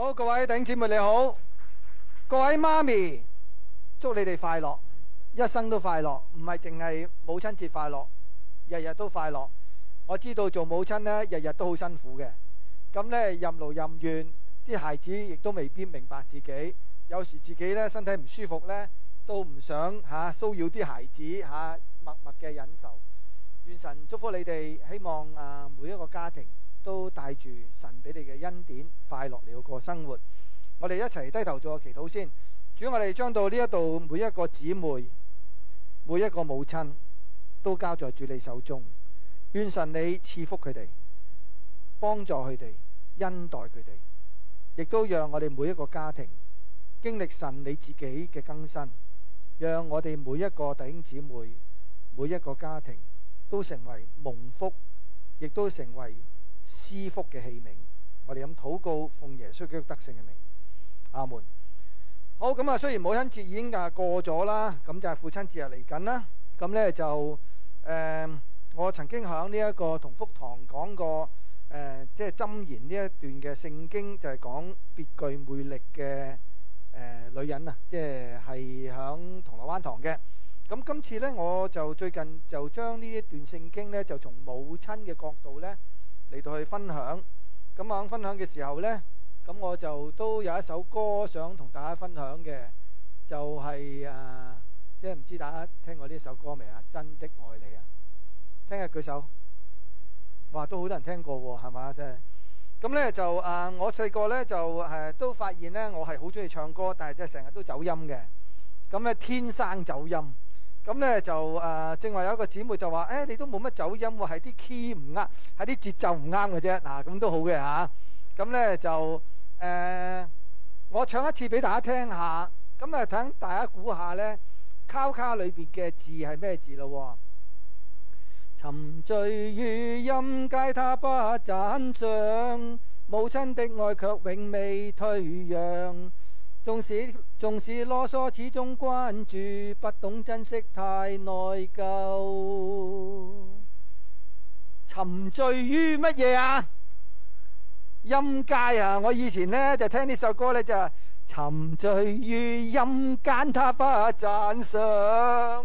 好，各位弟兄姊妹你好，各位媽咪，祝你哋快樂，一生都快樂，唔係淨係母親節快樂，日日都快樂。我知道做母親呢，日日都好辛苦嘅，咁呢，任勞任怨，啲孩子亦都未必明白自己，有時自己呢，身體唔舒服呢，都唔想吓、啊、騷擾啲孩子吓、啊，默默嘅忍受。願神祝福你哋，希望啊每一個家庭。都帶住神俾你嘅恩典，快樂了過生活。我哋一齊低頭做個祈禱先。主，我哋將到呢一度，每一個姊妹、每一個母親都交在主你手中，願神你賜福佢哋，幫助佢哋，恩待佢哋，亦都讓我哋每一個家庭經歷神你自己嘅更新，讓我哋每一個弟兄姊妹、每一個家庭都成為蒙福，亦都成為。施福嘅器皿，我哋咁禱告，奉耶穌基督得勝嘅名，阿門。好咁啊，雖然母親節已經啊過咗啦，咁就係父親節又嚟緊啦。咁咧就誒、呃，我曾經響呢一個同福堂講過誒、呃，即係箴言呢一段嘅聖經，就係、是、講別具魅力嘅誒、呃、女人啊，即係係響銅鑼灣堂嘅。咁今次咧，我就最近就將呢一段聖經咧，就從母親嘅角度咧。嚟到去分享，咁我分享嘅時候呢，咁我就都有一首歌想同大家分享嘅，就係、是、啊、呃，即係唔知大家聽過呢首歌未啊？真的愛你啊！聽下舉手，哇，都好多人聽過喎，係嘛？即係，咁呢，就啊，就呃、我細個呢，就誒、呃、都發現呢，我係好中意唱歌，但係即係成日都走音嘅，咁咧天生走音。咁咧就誒、呃，正話有一個姊妹就話：誒、欸，你都冇乜走音喎，係啲 key 唔啱，係啲節奏唔啱嘅啫。嗱，咁都好嘅吓。咁咧就誒，我唱一次俾大家聽下。咁啊，等大家估下咧，敲卡裏邊嘅字係咩字咯？沉醉於音階，他不讚賞母親的愛，卻永未退讓。縱使縱使囉嗦，始終關注，不懂珍惜太內疚。沉醉於乜嘢啊？音階啊！我以前呢，就聽呢首歌呢，就是、沉醉於陰間，他不讚賞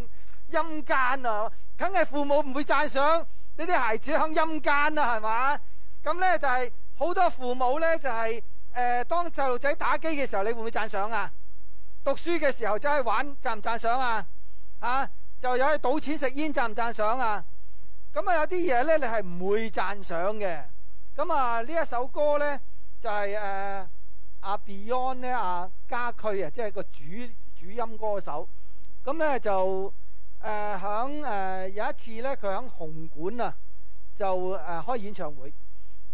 陰間啊！梗係父母唔會讚賞呢啲孩子響陰間啦，係嘛？咁呢，就係、是、好多父母呢，就係、是。誒、呃，當細路仔打機嘅時候，你會唔會讚賞啊？讀書嘅時候走去玩，讚唔讚賞啊？嚇、啊，就有去賭錢食煙，讚唔讚賞啊？咁啊，有啲嘢咧，你係唔會讚賞嘅。咁啊，呢一首歌咧，就係誒阿 Beyond 咧、啊，阿家駒啊，即係個主主音歌手。咁咧就誒響誒有一次咧，佢響紅館啊，就誒、呃、開演唱會。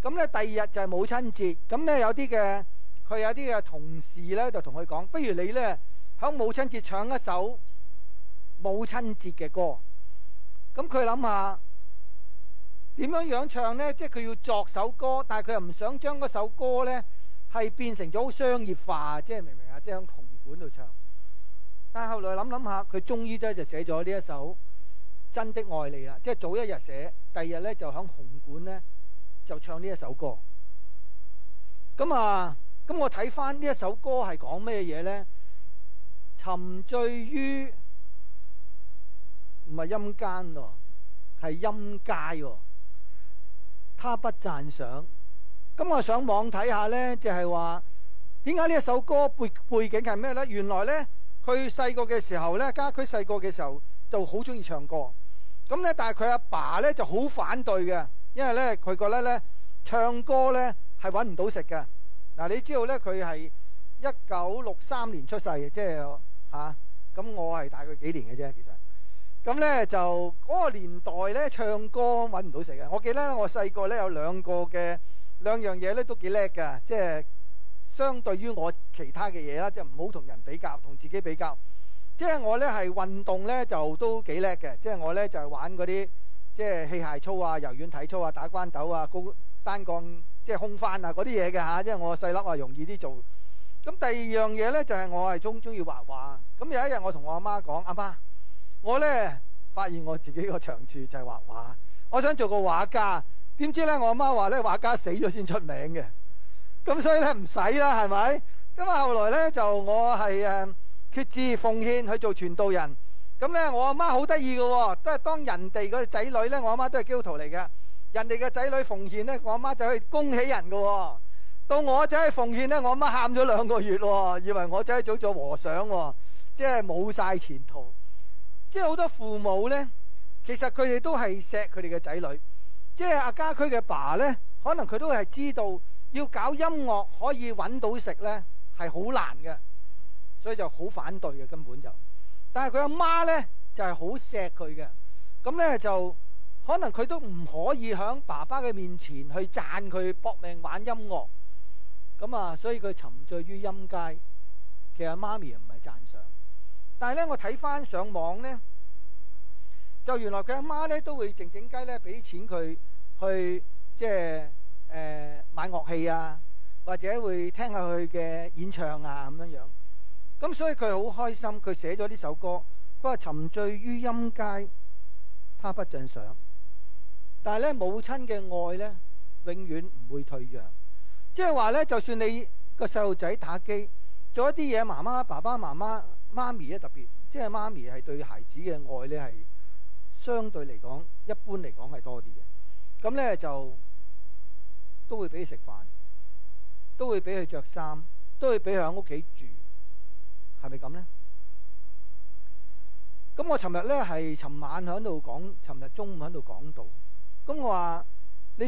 咁咧、嗯，第二日就係母親節。咁、嗯、咧、嗯，有啲嘅佢有啲嘅同事咧，就同佢講，不如你咧喺母親節唱一首母親節嘅歌。咁佢諗下點樣樣唱咧，即係佢要作首歌，但係佢又唔想將嗰首歌咧係變成咗好商業化，即係明唔明啊？即係喺紅館度唱。但係後來諗諗下，佢終於咧就寫咗呢一首真的愛你啦，即係早一日寫，第二日咧就喺紅館咧。就唱呢一首歌咁、嗯、啊！咁、嗯、我睇翻呢一首歌係講咩嘢咧？沉醉於唔係陰間喎、哦，係陰階喎、哦。他不讚賞。咁、嗯、我上網睇下咧，就係話點解呢一首歌背背景係咩咧？原來咧，佢細個嘅時候咧，家佢細個嘅時候就好中意唱歌，咁咧、嗯，但係佢阿爸咧就好反對嘅。因為咧佢覺得咧唱歌咧係搵唔到食嘅，嗱、啊、你知道咧佢係一九六三年出世，嘅，即係吓，咁我係大概幾年嘅啫，其實咁咧就嗰個年代咧唱歌搵唔到食嘅。我記得呢我細個咧有兩個嘅兩樣嘢咧都幾叻嘅，即係相對於我其他嘅嘢啦，即係唔好同人比較，同自己比較，即係我咧係運動咧就都幾叻嘅，即係我咧就係、是、玩嗰啲。即係器械操啊、柔軟體操啊、打關斗啊、高單槓、即係空翻啊，嗰啲嘢嘅吓，因為我細粒啊容易啲做。咁第二樣嘢呢，就係、是、我係中中意畫畫。咁有一日我同我阿媽講：，阿、啊、媽，我呢，發現我自己個長處就係畫畫，我想做個畫家。點知呢？我阿媽話呢，畫家死咗先出名嘅。咁所以呢，唔使啦，係咪？咁啊後來呢就我係誒，決志奉獻去做傳道人。咁咧、哦，我阿媽好得意嘅喎，都係當人哋嗰仔女咧，我阿媽都係基督徒嚟嘅。人哋嘅仔女奉獻咧，我阿媽就去恭喜人嘅喎、哦。到我仔奉獻咧，我阿媽喊咗兩個月喎、哦，以為我仔早做和尚喎、哦，即係冇晒前途。即係好多父母咧，其實佢哋都係錫佢哋嘅仔女。即係阿家駒嘅爸咧，可能佢都係知道要搞音樂可以揾到食咧係好難嘅，所以就好反對嘅根本就。但係佢阿媽呢，就係好錫佢嘅，咁呢，就可能佢都唔可以喺爸爸嘅面前去讚佢搏命玩音樂，咁啊，所以佢沉醉於音階。其實媽咪又唔係讚賞，但係呢，我睇返上網呢，就原來佢阿媽呢，都會靜靜雞呢俾啲錢佢去，去即係誒、呃、買樂器啊，或者會聽下佢嘅演唱啊咁樣樣。咁所以佢好開心，佢寫咗呢首歌。佢話沉醉於音階，他不正常。但係咧，母親嘅愛咧，永遠唔會退讓。即係話咧，就算你個細路仔打機，做一啲嘢，媽媽、爸爸、媽媽、媽咪咧，特別即係、就是、媽咪係對孩子嘅愛咧，係相對嚟講，一般嚟講係多啲嘅。咁咧就都會俾佢食飯，都會俾佢着衫，都會俾佢喺屋企住。係咪咁咧？咁我尋日咧係尋晚喺度講，尋日中午喺度講到。咁我話你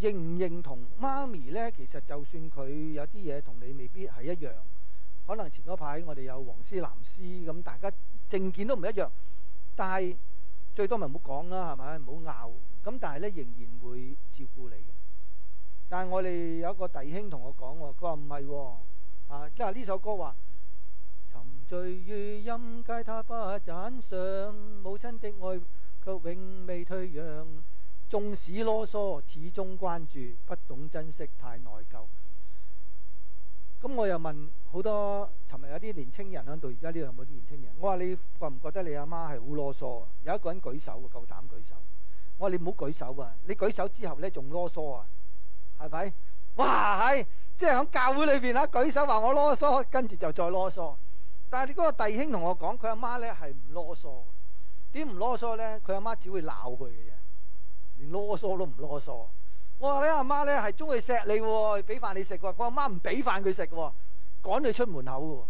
認唔認同媽咪咧？其實就算佢有啲嘢同你未必係一樣，可能前嗰排我哋有黃絲藍絲咁，大家政見都唔一樣，但係最多咪唔好講啦，係咪？唔好拗咁，但係咧仍然會照顧你嘅。但係我哋有一個弟兄同我講，佢話唔係喎，啊，即係呢首歌話。罪與陰階，他不讚賞。母親的愛卻永未退讓，縱使囉嗦，始終關注。不懂珍惜，太內疚。咁我又問好多尋日有啲年青人響度，而家呢度有冇啲年青人？我話你覺唔覺得你阿媽係好囉嗦啊？有一個人舉手，夠膽舉手。我話你唔好舉手啊！你舉手之後呢，仲囉嗦啊？係咪？哇，係，即係響教會裏邊啊，舉手話我囉嗦，跟住就再囉嗦。但係你嗰個弟兄同我講，佢阿媽咧係唔囉嗦，點唔囉嗦咧？佢阿媽只會鬧佢嘅啫，連囉嗦都唔囉嗦。我、哦、話你阿媽咧係中意錫你，俾飯你食嘅。佢阿媽唔俾飯佢食，趕你出門口嘅、哦。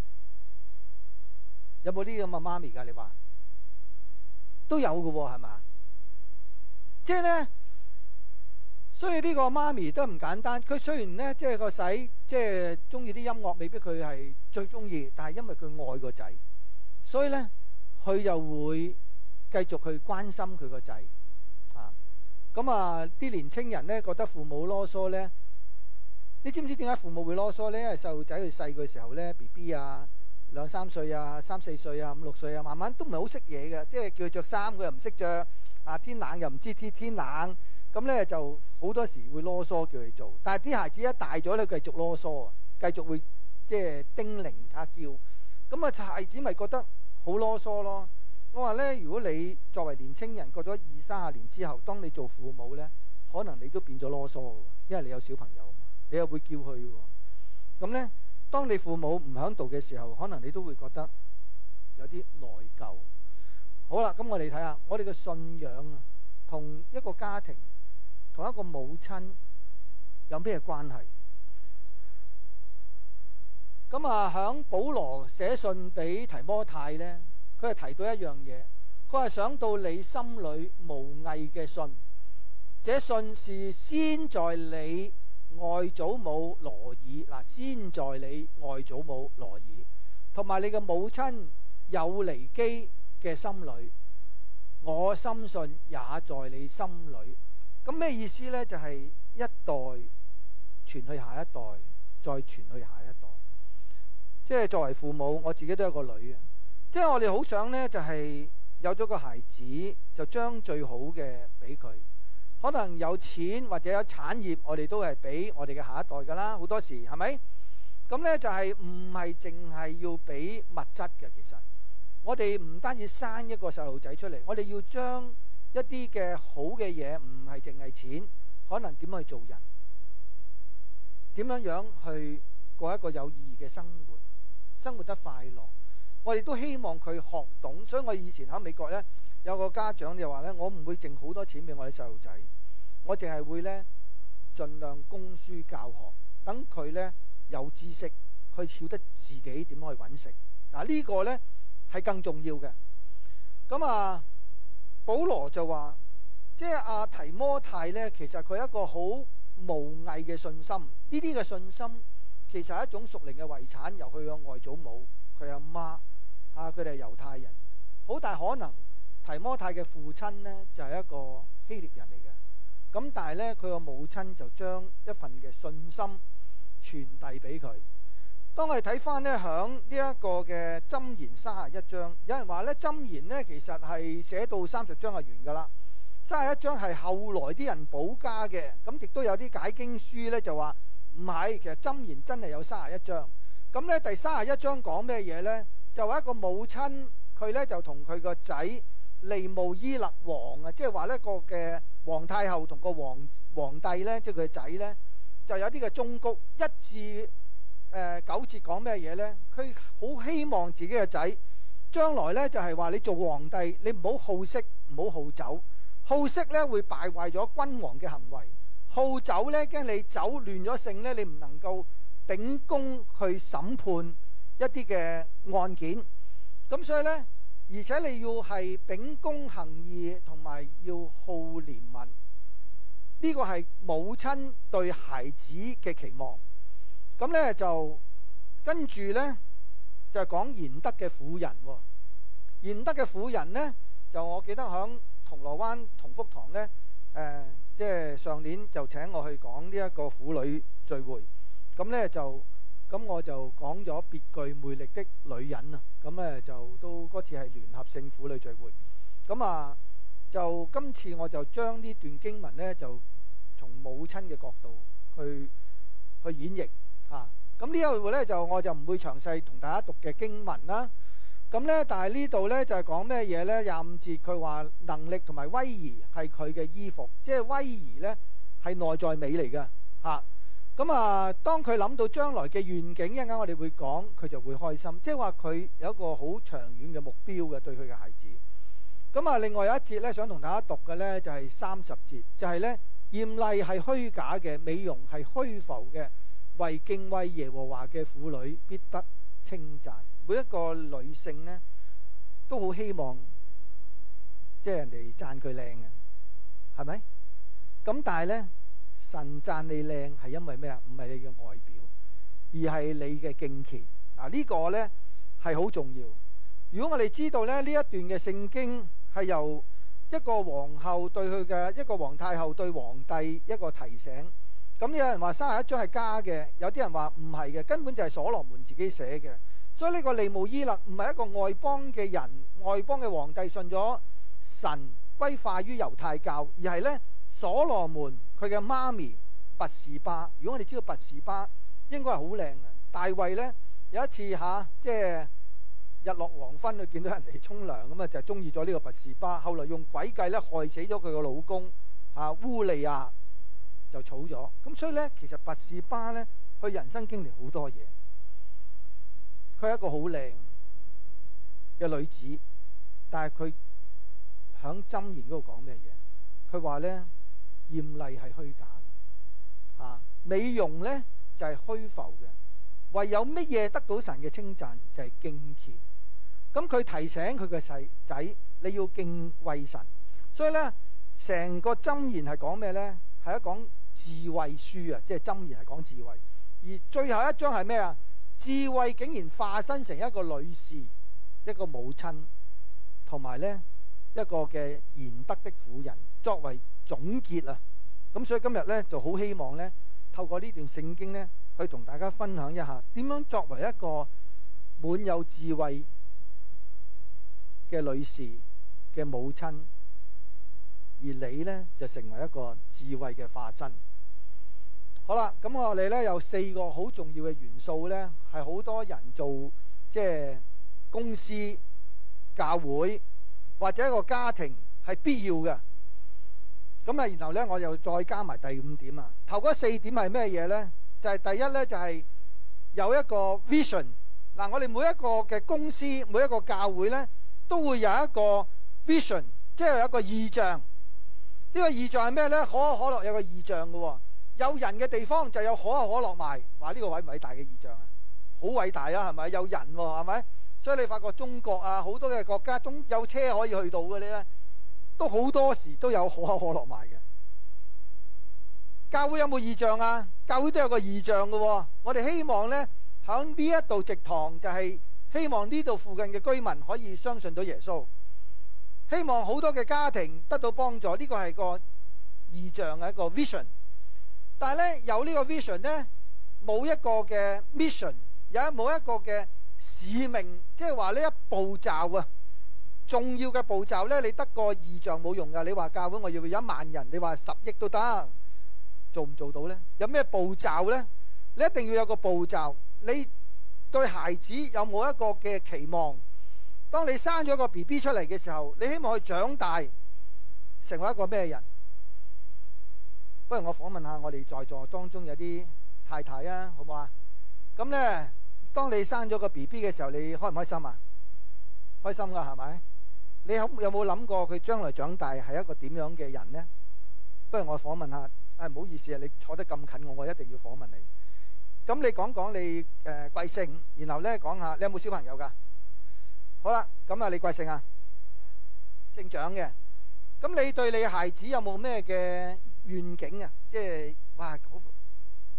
有冇啲咁嘅媽咪噶？你話都有噶係嘛？即係咧。就是所以呢個媽咪都唔簡單。佢雖然呢，即係個仔即係中意啲音樂，未必佢係最中意，但係因為佢愛個仔，所以呢，佢又會繼續去關心佢個仔。啊，咁啊啲年青人呢，覺得父母囉嗦呢。你知唔知點解父母會囉嗦呢？因為細路仔佢細個時候呢，BB 啊，兩三歲啊，三四歲啊，五六歲啊，慢慢都唔係好識嘢嘅，即係叫佢著衫，佢又唔識着，啊，天冷又唔知天天冷。天冷咁咧就好多時會囉嗦叫佢做，但係啲孩子一大咗咧，繼續囉嗦啊，繼續會即係叮嚀他叫，咁啊，孩子咪覺得好囉嗦咯。我話咧，如果你作為年青人過咗二三十年之後，當你做父母咧，可能你都變咗囉嗦嘅，因為你有小朋友啊嘛，你又會叫佢喎。咁咧，當你父母唔響度嘅時候，可能你都會覺得有啲內疚。好啦，咁我哋睇下我哋嘅信仰啊，同一個家庭。同一個母親有咩關係？咁啊，響保羅寫信俾提摩太呢，佢係提到一樣嘢，佢係想到你心裡無偽嘅信，這信是先在你外祖母羅以嗱，先在你外祖母羅以同埋你嘅母親友尼基嘅心裡，我深信也在你心裡。咁咩意思呢？就係一代傳去下一代，再傳去下一代。即係作為父母，我自己都有個女嘅。即係我哋好想呢，就係有咗個孩子，就將最好嘅俾佢。可能有錢或者有產業，我哋都係俾我哋嘅下一代噶啦。好多時係咪？咁呢，就係唔係淨係要俾物質嘅？其實我哋唔單止生一個細路仔出嚟，我哋要將，一啲嘅好嘅嘢唔係淨係錢，可能點去做人，點樣樣去過一個有意義嘅生活，生活得快樂。我哋都希望佢學懂，所以我以前喺美國咧有個家長就話咧：我唔會剩好多錢俾我啲細路仔，我淨係會咧盡量供書教學，等佢咧有知識，佢曉得自己點樣去搵食。嗱呢個咧係更重要嘅。咁啊～保羅就話，即係阿提摩太呢，其實佢一個好無偽嘅信心。呢啲嘅信心，其實係一種屬靈嘅遺產，由佢個外祖母、佢阿媽啊，佢哋係猶太人，好大可能提摩太嘅父親呢，就係、是、一個希臘人嚟嘅。咁但係呢，佢個母親就將一份嘅信心傳遞俾佢。當我哋睇翻呢響呢一個嘅《箴言》三十一章，有人話呢《箴言》呢其實係寫到三十章就完噶啦，三十一章係後來啲人補加嘅。咁亦都有啲解經書呢就話唔係，其實《箴言》真係有三十一章。咁呢第三十一章講咩嘢呢？就話一個母親佢呢就同佢個仔利慕伊勒王啊，即係話呢個嘅皇太后同個皇皇帝呢，即係佢個仔呢，就有啲嘅忠告一致。誒九節講咩嘢呢？佢好希望自己嘅仔將來呢，就係話你做皇帝，你唔好好色，唔好好酒。好色呢會敗壞咗君王嘅行為，好酒呢驚你酒亂咗性呢，你唔能夠秉公去審判一啲嘅案件。咁所以呢，而且你要係秉公行義，同埋要好憐憫。呢個係母親對孩子嘅期望。咁咧就跟住呢，就係講賢德嘅婦人喎、哦。賢德嘅婦人呢，就我記得響銅鑼灣同福堂呢，誒即係上年就請我去講呢一個婦女聚會。咁呢，就咁我就講咗別具魅力的女人啊。咁咧就都嗰次係聯合性婦女聚會。咁啊就今次我就將呢段經文呢，就從母親嘅角度去去演繹。啊！咁、這個、呢一部分咧就我就唔會詳細同大家讀嘅經文啦。咁、啊、咧，但係呢度咧就係講咩嘢咧？廿五節佢話能力同埋威儀係佢嘅衣服，即係威儀咧係內在美嚟嘅吓。咁啊，啊，當佢諗到將來嘅願景一陣間，我哋會講佢就會開心，即係話佢有一個好長遠嘅目標嘅對佢嘅孩子。咁啊，另外有一節咧想同大家讀嘅咧就係三十節，就係咧艷麗係虛假嘅，美容係虛浮嘅。為敬畏耶和華嘅婦女，必得稱讚。每一個女性呢，都好希望，即係人哋讚佢靚呀，係咪？咁但係呢，神讚你靚係因為咩啊？唔係你嘅外表，而係你嘅敬虔。嗱、這、呢個呢，係好重要。如果我哋知道咧呢一段嘅聖經係由一個皇后對佢嘅，一個皇太后對皇帝，一個提醒。咁、嗯、有人話三十一章係假嘅，有啲人話唔係嘅，根本就係所羅門自己寫嘅。所以呢個利慕伊勒唔係一個外邦嘅人，外邦嘅皇帝信咗神，歸化於猶太教，而係呢，所羅門佢嘅媽咪拔士巴。如果我哋知道拔士巴應該係好靚嘅。大衛呢，有一次嚇，即、啊、係、就是、日落黃昏去見到人哋沖涼咁啊，就中意咗呢個拔士巴。後來用詭計咧害死咗佢個老公啊烏利亞。就草咗，咁所以咧，其實拔士巴咧，佢人生經歷好多嘢。佢係一個好靚嘅女子，但係佢響箴言嗰度講咩嘢？佢話咧，豔麗係虛假，嚇、啊、美容咧就係、是、虛浮嘅。唯有乜嘢得到神嘅稱讚，就係、是、敬虔。咁、嗯、佢提醒佢嘅細仔，你要敬畏神。所以咧，成個箴言係講咩咧？係一講智慧書啊，即係箴言係講智慧，而最後一章係咩啊？智慧竟然化身成一個女士，一個母親，同埋呢一個嘅賢德的婦人，作為總結啊。咁所以今日呢，就好希望呢，透過呢段聖經呢，去同大家分享一下，點樣作為一個滿有智慧嘅女士嘅母親。而你呢，就成為一個智慧嘅化身。好啦，咁、嗯、我哋呢，有四個好重要嘅元素呢，係好多人做即係公司、教會或者一個家庭係必要嘅。咁、嗯、啊，然後呢，我又再加埋第五點啊。頭嗰四點係咩嘢呢？就係、是、第一呢，就係、是、有一個 vision。嗱，我哋每一個嘅公司、每一個教會呢，都會有一個 vision，即係有一個意象。呢個異象係咩呢？可口可樂有個異象嘅喎、哦，有人嘅地方就有可口可樂賣，話呢、這個偉唔偉大嘅異象偉啊？好偉大啦，係咪？有人喎、哦，係咪？所以你發覺中國啊，好多嘅國家中，有車可以去到嘅。啲咧，都好多時都有可口可樂賣嘅。教會有冇異象啊？教會都有個異象嘅、哦，我哋希望呢，喺呢一度植堂就係、是、希望呢度附近嘅居民可以相信到耶穌。希望好多嘅家庭得到幫助，呢個係個異象嘅一個 vision。但係咧，有呢個 vision 咧，冇一個嘅 mission，有冇一個嘅使命，即係話呢一步驟啊，重要嘅步驟咧，你得個異象冇用㗎。你話教會我要有一萬人，你話十億都得，做唔做到咧？有咩步驟咧？你一定要有個步驟，你對孩子有冇一個嘅期望？當你生咗個 BB 出嚟嘅時候，你希望佢長大成為一個咩人？不如我訪問下我哋在座當中有啲太太啊，好唔好啊？咁咧，當你生咗個 BB 嘅時候，你開唔開心啊？開心噶係咪？你有有冇諗過佢將來長大係一個點樣嘅人咧？不如我訪問下。誒，唔好意思啊，你坐得咁近我，我一定要訪問你。咁你講講你誒貴姓，然後咧講下你有冇小朋友噶？好啦，咁啊，你貴姓啊？姓蔣嘅，咁你對你孩子有冇咩嘅願景啊？即係哇，好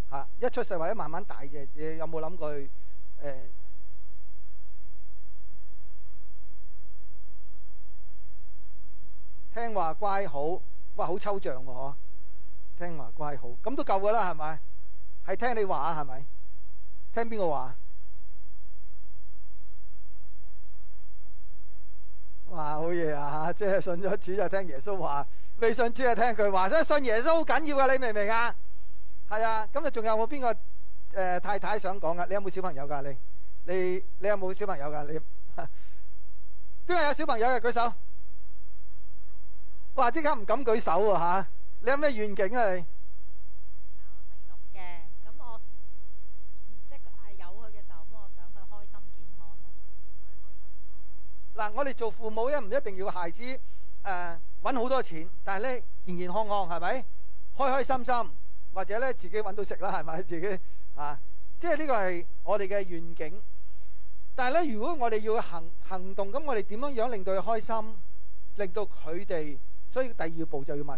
吓一出世或者慢慢大嘅，有冇諗佢誒，聽話乖好？哇，好抽象嘅嗬，聽話乖好，咁都夠噶啦，係咪？係聽你話啊，係咪？聽邊個話？哇好嘢啊！即係信咗主就聽耶穌話，未信主就聽佢話，所以信耶穌好緊要噶，你明唔明啊？係啊，咁你仲有冇邊個誒太太想講噶？你有冇小朋友噶？你你你有冇小朋友噶？你邊個有小朋友嘅舉手？哇！即刻唔敢舉手啊吓！你有咩願景啊你？嗱，我哋做父母咧唔一定要孩子，誒、呃，搵好多錢，但係咧健健康康係咪？開開心心，或者咧自己搵到食啦係咪自己啊？即係呢個係我哋嘅願景。但係咧，如果我哋要行行動，咁我哋點樣樣令到佢開心，令到佢哋？所以第二步就要問，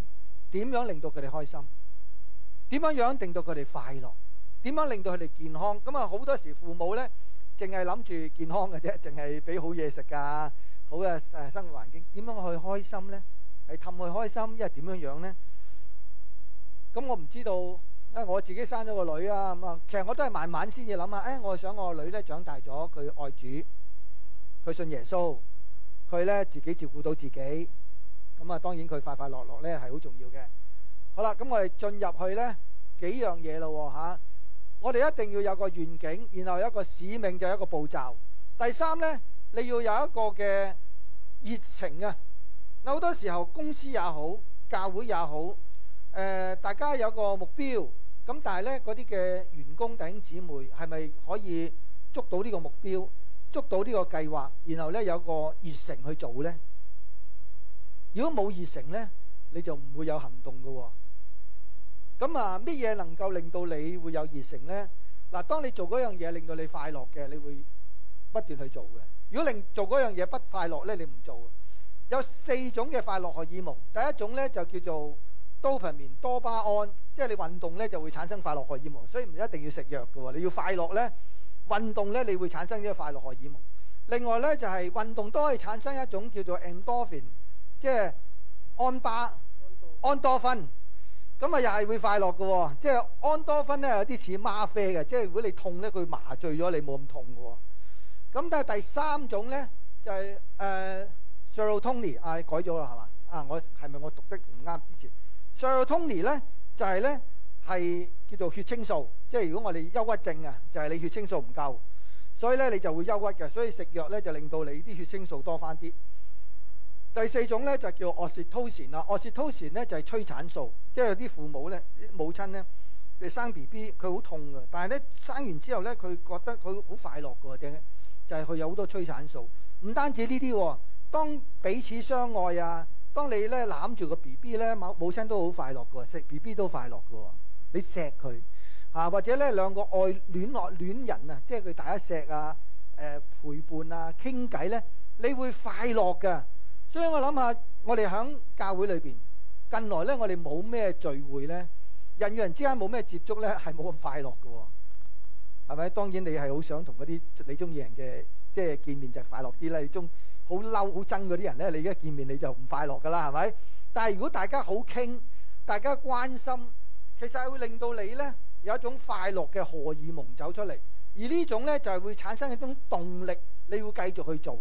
點樣令到佢哋開心？點樣樣令到佢哋快樂？點樣令到佢哋健康？咁啊，好多時父母咧。淨係諗住健康嘅啫，淨係俾好嘢食噶，好嘅誒生活環境，點樣去開心咧？係氹佢開心，因為點樣樣咧？咁我唔知道，因為我自己生咗個女啊，咁啊，其實我都係慢慢先至諗啊。誒，我想我個女咧長大咗，佢愛主，佢信耶穌，佢咧自己照顧到自己，咁啊，當然佢快快樂樂咧係好重要嘅。好啦，咁我哋進入去咧幾樣嘢咯吓。我哋一定要有個願景，然後有個使命，就有一個步驟。第三呢，你要有一個嘅熱情啊！嗱，好多時候公司也好，教會也好，誒，大家有個目標咁，但係呢嗰啲嘅員工弟兄姊妹係咪可以捉到呢個目標、捉到呢個計劃，然後呢有個熱誠去做呢？如果冇熱誠呢，你就唔會有行動㗎喎。咁啊，咩嘢、嗯、能夠令到你會有熱誠呢？嗱，當你做嗰樣嘢令到你快樂嘅，你會不斷去做嘅。如果令做嗰樣嘢不快樂呢，你唔做。有四種嘅快樂荷爾蒙，第一種呢就叫做 dopamine，多巴胺，即係你運動呢就會產生快樂荷爾蒙，所以唔一定要食藥㗎喎。你要快樂呢，運動呢你會產生呢個快樂荷爾蒙。另外呢，就係、是、運動都可以產生一種叫做 endorphin，即係安巴，安多芬。嗯嗯嗯咁啊，又係、嗯、會快樂嘅、哦，即係安多酚咧，有啲似嗎啡嘅，即係如果你痛咧，佢麻醉咗你、哦，冇咁痛嘅。咁但係第三種咧就係誒 Serotonin 啊，改咗啦係嘛？啊，我係咪我讀得唔啱之前？Serotonin 咧就係咧係叫做血清素，即係如果我哋憂鬱症啊，就係、是、你血清素唔夠，所以咧你就會憂鬱嘅，所以食藥咧就令到你啲血清素多返啲。第四種咧就叫 Oxytocin 啦。Oxytocin 咧就係、是、催產素，即係有啲父母咧、母親咧，佢生 B B 佢好痛㗎，但係咧生完之後咧，佢覺得佢好快樂㗎。頂就係、是、佢有好多催產素。唔單止呢啲、哦，當彼此相愛啊，當你咧攬住個 B B 咧，母母親都好快樂㗎，食 B B 都快樂㗎、哦。你錫佢啊，或者咧兩個愛戀愛戀，戀人啊，即係佢大家錫啊，誒、呃、陪伴啊、傾偈咧，你會快樂㗎。所以我諗下，我哋喺教會裏邊近來咧，我哋冇咩聚會咧，人與人之間冇咩接觸咧，係冇咁快樂㗎喎，係咪？當然你係好想同嗰啲你中意人嘅，即係見面就係快樂啲啦。你中好嬲好憎嗰啲人咧，你而家見面你就唔快樂噶啦，係咪？但係如果大家好傾，大家關心，其實係會令到你咧有一種快樂嘅荷爾蒙走出嚟，而呢種咧就係會產生一種動力，你要繼續去做。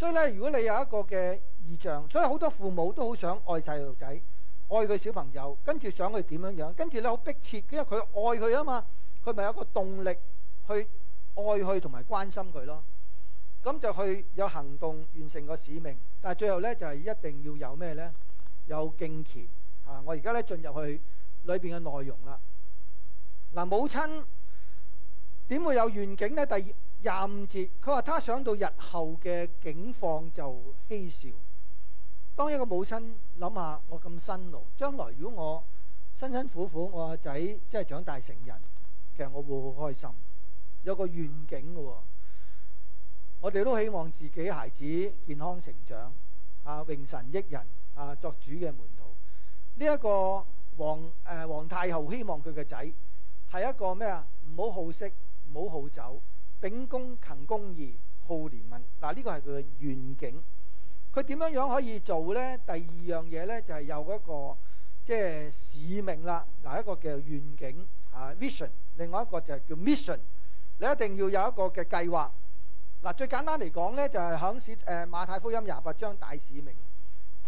所以咧，如果你有一個嘅異象，所以好多父母都好想愛細路仔，愛佢小朋友，跟住想佢點樣樣，跟住咧好迫切，因為佢愛佢啊嘛，佢咪有個動力去愛佢同埋關心佢咯。咁就去有行動完成個使命，但係最後咧就係一定要有咩咧？有敬虔啊！我而家咧進入去裏邊嘅內容啦。嗱，母親點會有願景咧？第二。廿五節，佢話：他，他想到日後嘅境況就嬉笑。當一個母親諗下，我咁辛勞，將來如果我辛辛苦苦，我阿仔真係長大成人，其實我會好開心，有個願景嘅、哦。我哋都希望自己孩子健康成長，啊榮神益人，啊作主嘅門徒。呢、這、一個王誒王太后希望佢嘅仔係一個咩啊？唔好好色，唔好好酒。秉公勤公義，好憐憫嗱。呢、啊這個係佢嘅願景。佢點樣樣可以做咧？第二樣嘢咧就係、是、有嗰個即係、就是、使命啦。嗱、啊，一個叫願景啊，vision，另外一個就係叫 mission。你一定要有一個嘅計劃嗱。最簡單嚟講咧，就係響史誒馬太福音廿八章大使命。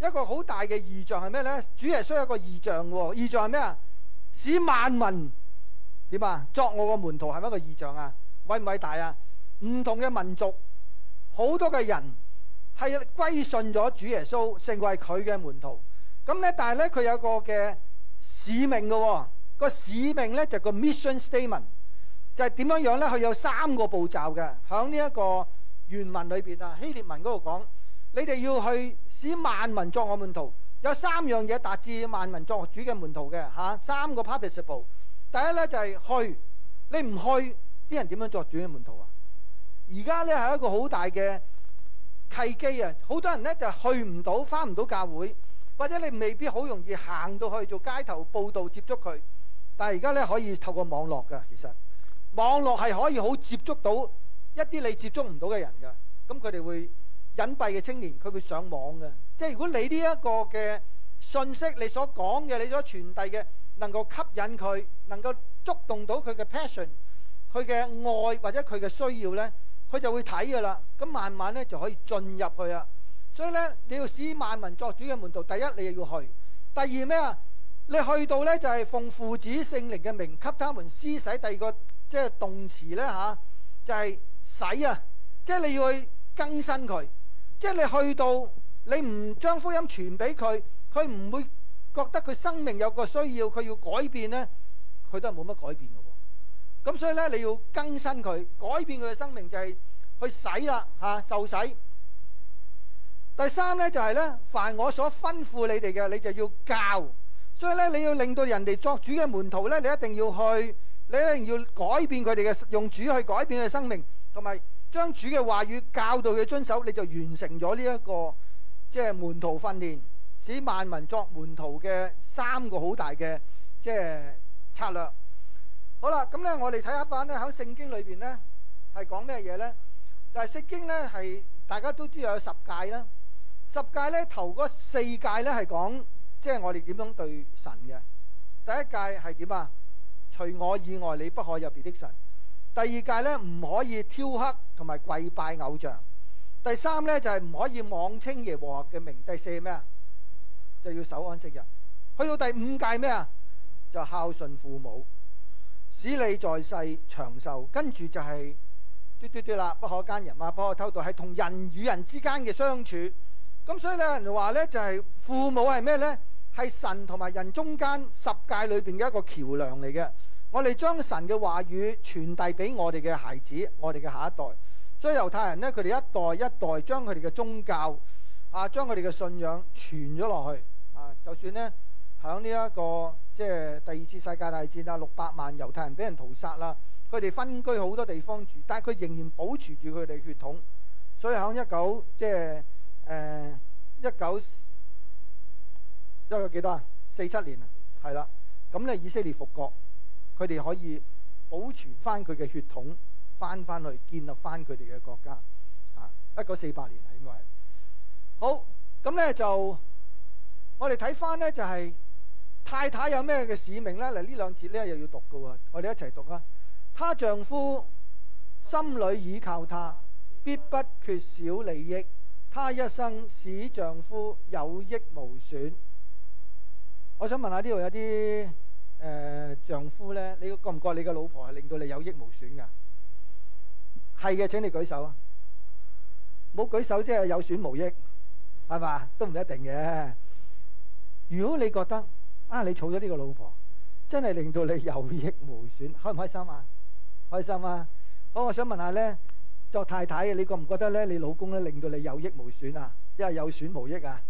一個好大嘅異象係咩咧？主係需要一個異象喎。異象係咩啊？使萬民點啊？作我嘅門徒係咪一個異象啊！偉唔偉大啊？唔同嘅民族，好多嘅人係歸信咗主耶穌，成為佢嘅門徒。咁咧，但係咧，佢有個嘅使命嘅個、哦、使命咧就係、個 mission statement 就係點樣樣咧？佢有三個步驟嘅響呢一個原文裏邊啊，希臘文嗰度講，你哋要去使萬民作我門徒，有三樣嘢達至萬民作主嘅門徒嘅吓、啊、三個 participle 第一咧就係、是、去，你唔去。啲人點樣作主嘅門徒啊？而家呢係一個好大嘅契機啊！好多人呢就去唔到，返唔到教會，或者你未必好容易行到去做街頭佈道接觸佢。但係而家呢可以透過網絡嘅，其實網絡係可以好接觸到一啲你接觸唔到嘅人㗎。咁佢哋會隱蔽嘅青年，佢會上網嘅。即係如果你呢一個嘅信息，你所講嘅，你所傳遞嘅，能夠吸引佢，能夠觸動到佢嘅 passion。佢嘅愛或者佢嘅需要呢，佢就會睇㗎喇。咁慢慢呢，就可以進入去啊。所以呢，你要使萬民作主嘅門徒，第一你就要去，第二咩啊？你去到呢，就係、是、奉父子聖靈嘅名給他們施洗。第二個即係、就是、動詞呢，吓、啊，就係、是、洗啊。即、就、係、是、你要去更新佢。即、就、係、是、你去到，你唔將福音傳俾佢，佢唔會覺得佢生命有個需要，佢要改變呢，佢都係冇乜改變。咁所以呢，你要更新佢，改變佢嘅生命，就係去洗啦嚇，受洗。第三呢，就係呢，凡我所吩咐你哋嘅，你就要教。所以呢，你要令到人哋作主嘅門徒呢，你一定要去，你一定要改變佢哋嘅，用主去改變佢嘅生命，同埋將主嘅話語教導佢遵守，你就完成咗呢一個即係門徒訓練，使萬民作門徒嘅三個好大嘅即係策略。好啦，咁咧，我哋睇下翻咧喺聖經裏邊咧係講咩嘢咧？但係《釋經》咧係大家都知道有十戒啦。十戒咧頭嗰四戒咧係講，即係我哋點樣對神嘅。第一戒係點啊？除我以外你不可入別的神。第二戒咧唔可以挑黑同埋跪拜偶像。第三咧就係、是、唔可以妄稱耶和華嘅名。第四咩啊？就要守安息日。去到第五戒咩啊？就孝順父母。使你在世長壽，跟住就係、是、嘟嘟嘟啦，不可奸淫，啊，不可偷盜，係同人與人之間嘅相處。咁所以咧，人哋話呢，就係、是、父母係咩呢？係神同埋人中間十界裏邊嘅一個橋樑嚟嘅。我哋將神嘅話語傳遞俾我哋嘅孩子，我哋嘅下一代。所以猶太人呢，佢哋一代一代將佢哋嘅宗教啊，將佢哋嘅信仰傳咗落去啊。就算呢，響呢一個。即係第二次世界大戰啊，六百萬猶太人俾人屠殺啦，佢哋分居好多地方住，但係佢仍然保持住佢哋血統，所以喺一九即係誒一九一九幾多啊？四七年啊，係啦，咁咧以色列復國，佢哋可以保存翻佢嘅血統，翻翻去建立翻佢哋嘅國家啊，一九四八年係應該。好，咁咧就我哋睇翻咧就係。太太有咩嘅使命咧？嗱，兩節呢兩節咧又要讀嘅喎、哦，我哋一齊讀啊！她丈夫心裏倚靠她，必不缺少利益。她一生使丈夫有益無損。我想問下呢度有啲誒、呃、丈夫咧，你覺唔覺你嘅老婆係令到你有益無損㗎？係嘅，請你舉手啊！冇舉手即係、就是、有損無益，係嘛？都唔一定嘅。如果你覺得，啊！你儲咗呢個老婆，真係令到你有益無損，開唔開心啊？開心啊！好，我想問下咧，作太太嘅你覺唔覺得咧，你老公咧令到你有益無損啊？因為有損無益啊？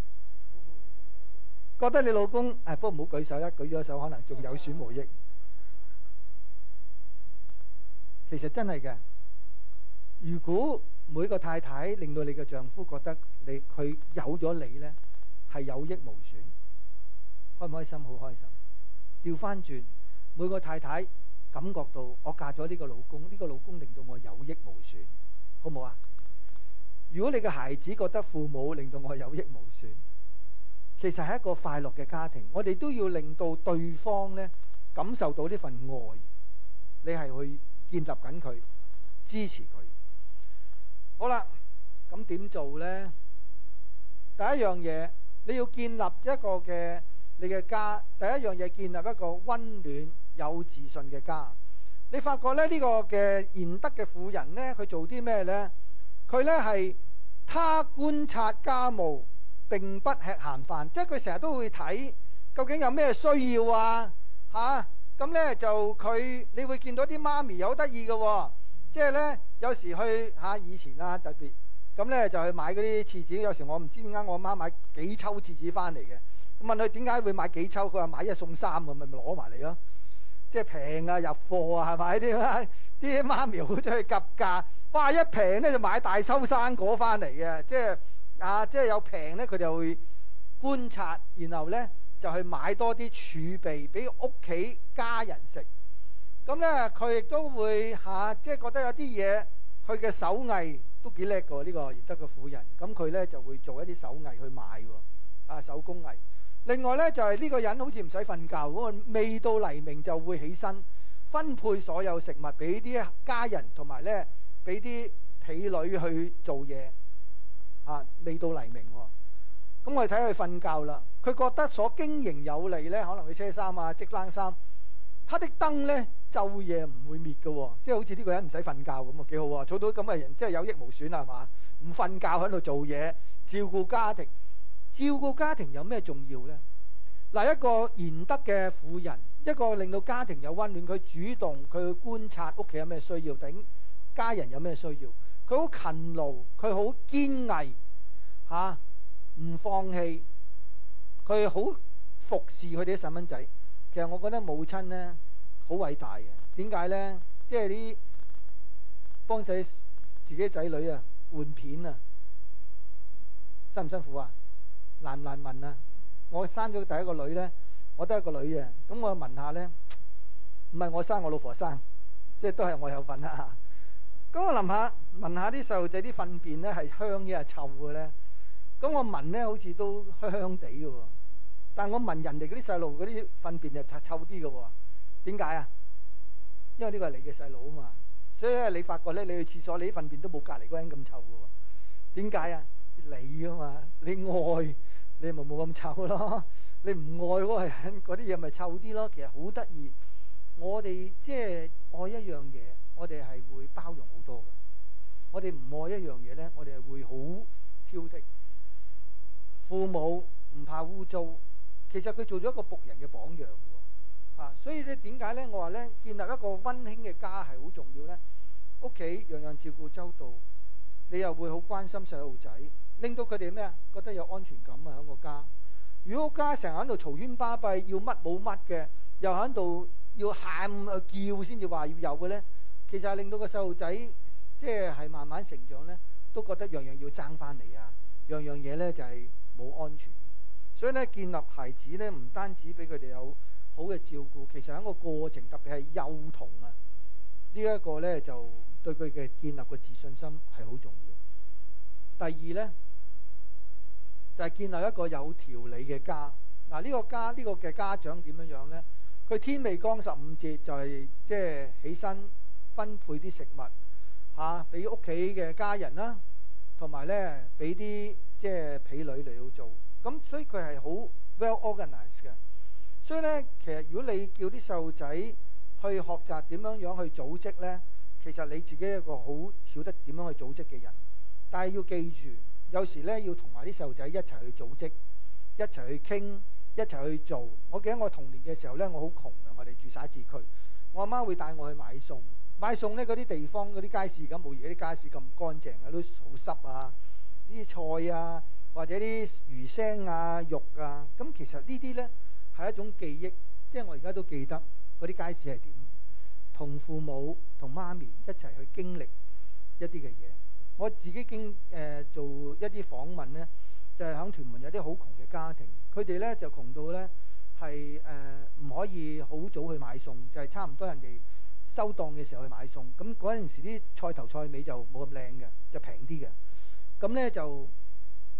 覺得你老公誒，不過唔好舉手，一舉咗手可能仲有損無益。其實真係嘅，如果每個太太令到你嘅丈夫覺得你佢有咗你咧，係有益無損。開唔開心？好開心。調翻轉，每個太太感覺到我嫁咗呢個老公，呢個老公令到我有益無損，好唔好啊？如果你嘅孩子覺得父母令到我有益無損，其實係一個快樂嘅家庭。我哋都要令到對方呢感受到呢份愛，你係去建立緊佢，支持佢。好啦，咁點做呢？第一樣嘢，你要建立一個嘅。你嘅家，第一樣嘢，建立一個溫暖有自信嘅家。你發覺咧呢、這個嘅賢德嘅婦人呢，佢做啲咩呢？佢呢係他觀察家務並不吃閒飯，即係佢成日都會睇究竟有咩需要啊吓，咁、啊嗯、呢就佢，你會見到啲媽咪好得意嘅，即係呢有時去吓、啊、以前啊特別咁、嗯、呢就去買嗰啲廁紙，有時我唔知點解我媽買幾抽廁紙翻嚟嘅。問佢點解會買幾抽？佢話買一送三，咁咪攞埋嚟咯，即係平啊入貨啊，係咪啲啦？啲媽咪好中意夾價，哇！一平咧就買大收生果翻嚟嘅，即係啊，即係有平咧佢就會觀察，然後咧就去買多啲儲備俾屋企家人食。咁咧佢亦都會嚇，即係覺得有啲嘢佢嘅手藝都幾叻過呢個才德嘅婦人，咁佢咧就會做一啲手藝去賣喎，啊手工藝。另外呢，就係呢個人好似唔使瞓覺，咁啊未到黎明就會起身，分配所有食物俾啲家人同埋呢，俾啲婢女去做嘢，啊未到黎明喎。咁我哋睇佢瞓覺啦，佢覺得所經營有利呢，可能佢車衫啊、織冷衫，他的燈呢晝夜唔會滅嘅，即係好似呢個人唔使瞓覺咁啊，幾好啊！做到咁嘅人，即係有益無損啦，係嘛？唔瞓覺喺度做嘢，照顧家庭。照顧家庭有咩重要呢？嗱，一個賢德嘅婦人，一個令到家庭有溫暖，佢主動佢去觀察屋企有咩需要，頂家人有咩需要，佢好勤勞，佢好堅毅嚇，唔放棄，佢好服侍佢哋啲細蚊仔。其實我覺得母親呢，好偉大嘅，點解呢？即係啲幫仔自己仔女啊換片啊，辛唔辛苦啊？難難聞啊！我生咗第一個女咧，我都係個女啊。咁我聞下咧，唔係我生，我老婆生，即係都係我有份啊。咁 我諗下，聞下啲細路仔啲糞便咧，係香嘅啊，臭嘅咧、啊。咁我聞咧，好似都香香地嘅。但我聞人哋嗰啲細路嗰啲糞便就臭啲嘅。點解啊？因為呢個係你嘅細路啊嘛，所以咧你發覺咧，你去廁所你啲糞便都冇隔籬嗰啲咁臭嘅。點解啊？你啊嘛，你愛。你咪冇咁臭咯！你唔愛嗰個人嗰啲嘢，咪臭啲咯。其實好得意，我哋即係愛一樣嘢，我哋係會包容好多嘅。我哋唔愛一樣嘢咧，我哋係會好挑剔。父母唔怕污糟，其實佢做咗一個僕人嘅榜樣喎、啊。所以你點解咧？我話咧，建立一個温馨嘅家係好重要咧。屋企樣樣照顧周到，你又會好關心細路仔，令到佢哋咩啊？覺得有安全感啊！喺個家，如果個家成日喺度嘈喧巴閉，要乜冇乜嘅，又喺度要喊啊叫先至話要有嘅咧，其實令到個細路仔即係係慢慢成長咧，都覺得樣樣要爭翻嚟啊！樣樣嘢咧就係、是、冇安全，所以咧，建立孩子咧，唔單止俾佢哋有好嘅照顧，其實喺個過程特別係幼童啊，這個、呢一個咧就對佢嘅建立個自信心係好重要。第二咧。就係建立一個有條理嘅家。嗱、啊，呢、這個家呢、呢個嘅家長點樣樣呢？佢天未光十五節就係即係起身分配啲食物嚇俾屋企嘅家人啦，同、啊、埋呢，俾啲即係婢女嚟到做。咁、啊、所以佢係好 well organized 嘅。所以呢，其實如果你叫啲細路仔去學習點樣樣去組織呢，其實你自己一個好曉得點樣去組織嘅人。但係要記住。有時咧要同埋啲細路仔一齊去組織，一齊去傾，一齊去做。我記得我童年嘅時候咧，我好窮啊。我哋住徙置區，我阿媽會帶我去買餸。買餸咧，嗰啲地方、嗰啲街市，而家冇而家啲街市咁乾淨啊，都好濕啊。呢啲菜啊，或者啲魚腥啊、肉啊，咁其實呢啲咧係一種記憶，即係我而家都記得嗰啲街市係點，同父母、同媽咪一齊去經歷一啲嘅嘢。我自己經誒、呃、做一啲訪問咧，就係、是、響屯門有啲好窮嘅家庭，佢哋咧就窮到咧係誒唔可以好早去買餸，就係、是、差唔多人哋收檔嘅時候去買餸。咁嗰陣時啲菜頭菜尾就冇咁靚嘅，就平啲嘅。咁、嗯、咧就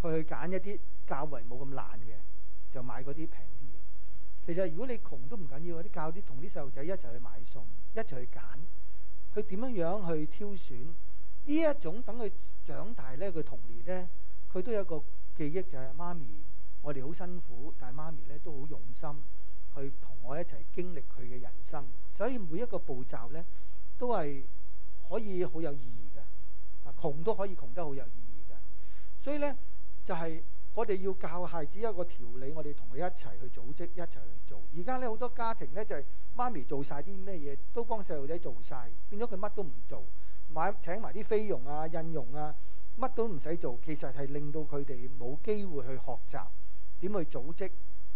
佢去揀一啲較為冇咁爛嘅，就買嗰啲平啲嘅。其實如果你窮都唔緊要啊，啲教啲同啲細路仔一齊去買餸，一齊去揀，佢點樣樣去挑選。呢一種等佢長大咧，佢童年咧，佢都有個記憶就係媽咪，我哋好辛苦，但係媽咪咧都好用心，去同我一齊經歷佢嘅人生，所以每一個步驟咧都係可以好有意義嘅。啊，窮都可以窮得好有意義嘅。所以咧就係我哋要教孩子一個條理，我哋同佢一齊去組織，一齊去做。而家咧好多家庭咧就係媽咪做晒啲咩嘢，都幫細路仔做晒，變咗佢乜都唔做。買請埋啲菲傭啊、印傭啊，乜都唔使做，其實係令到佢哋冇機會去學習點去組織、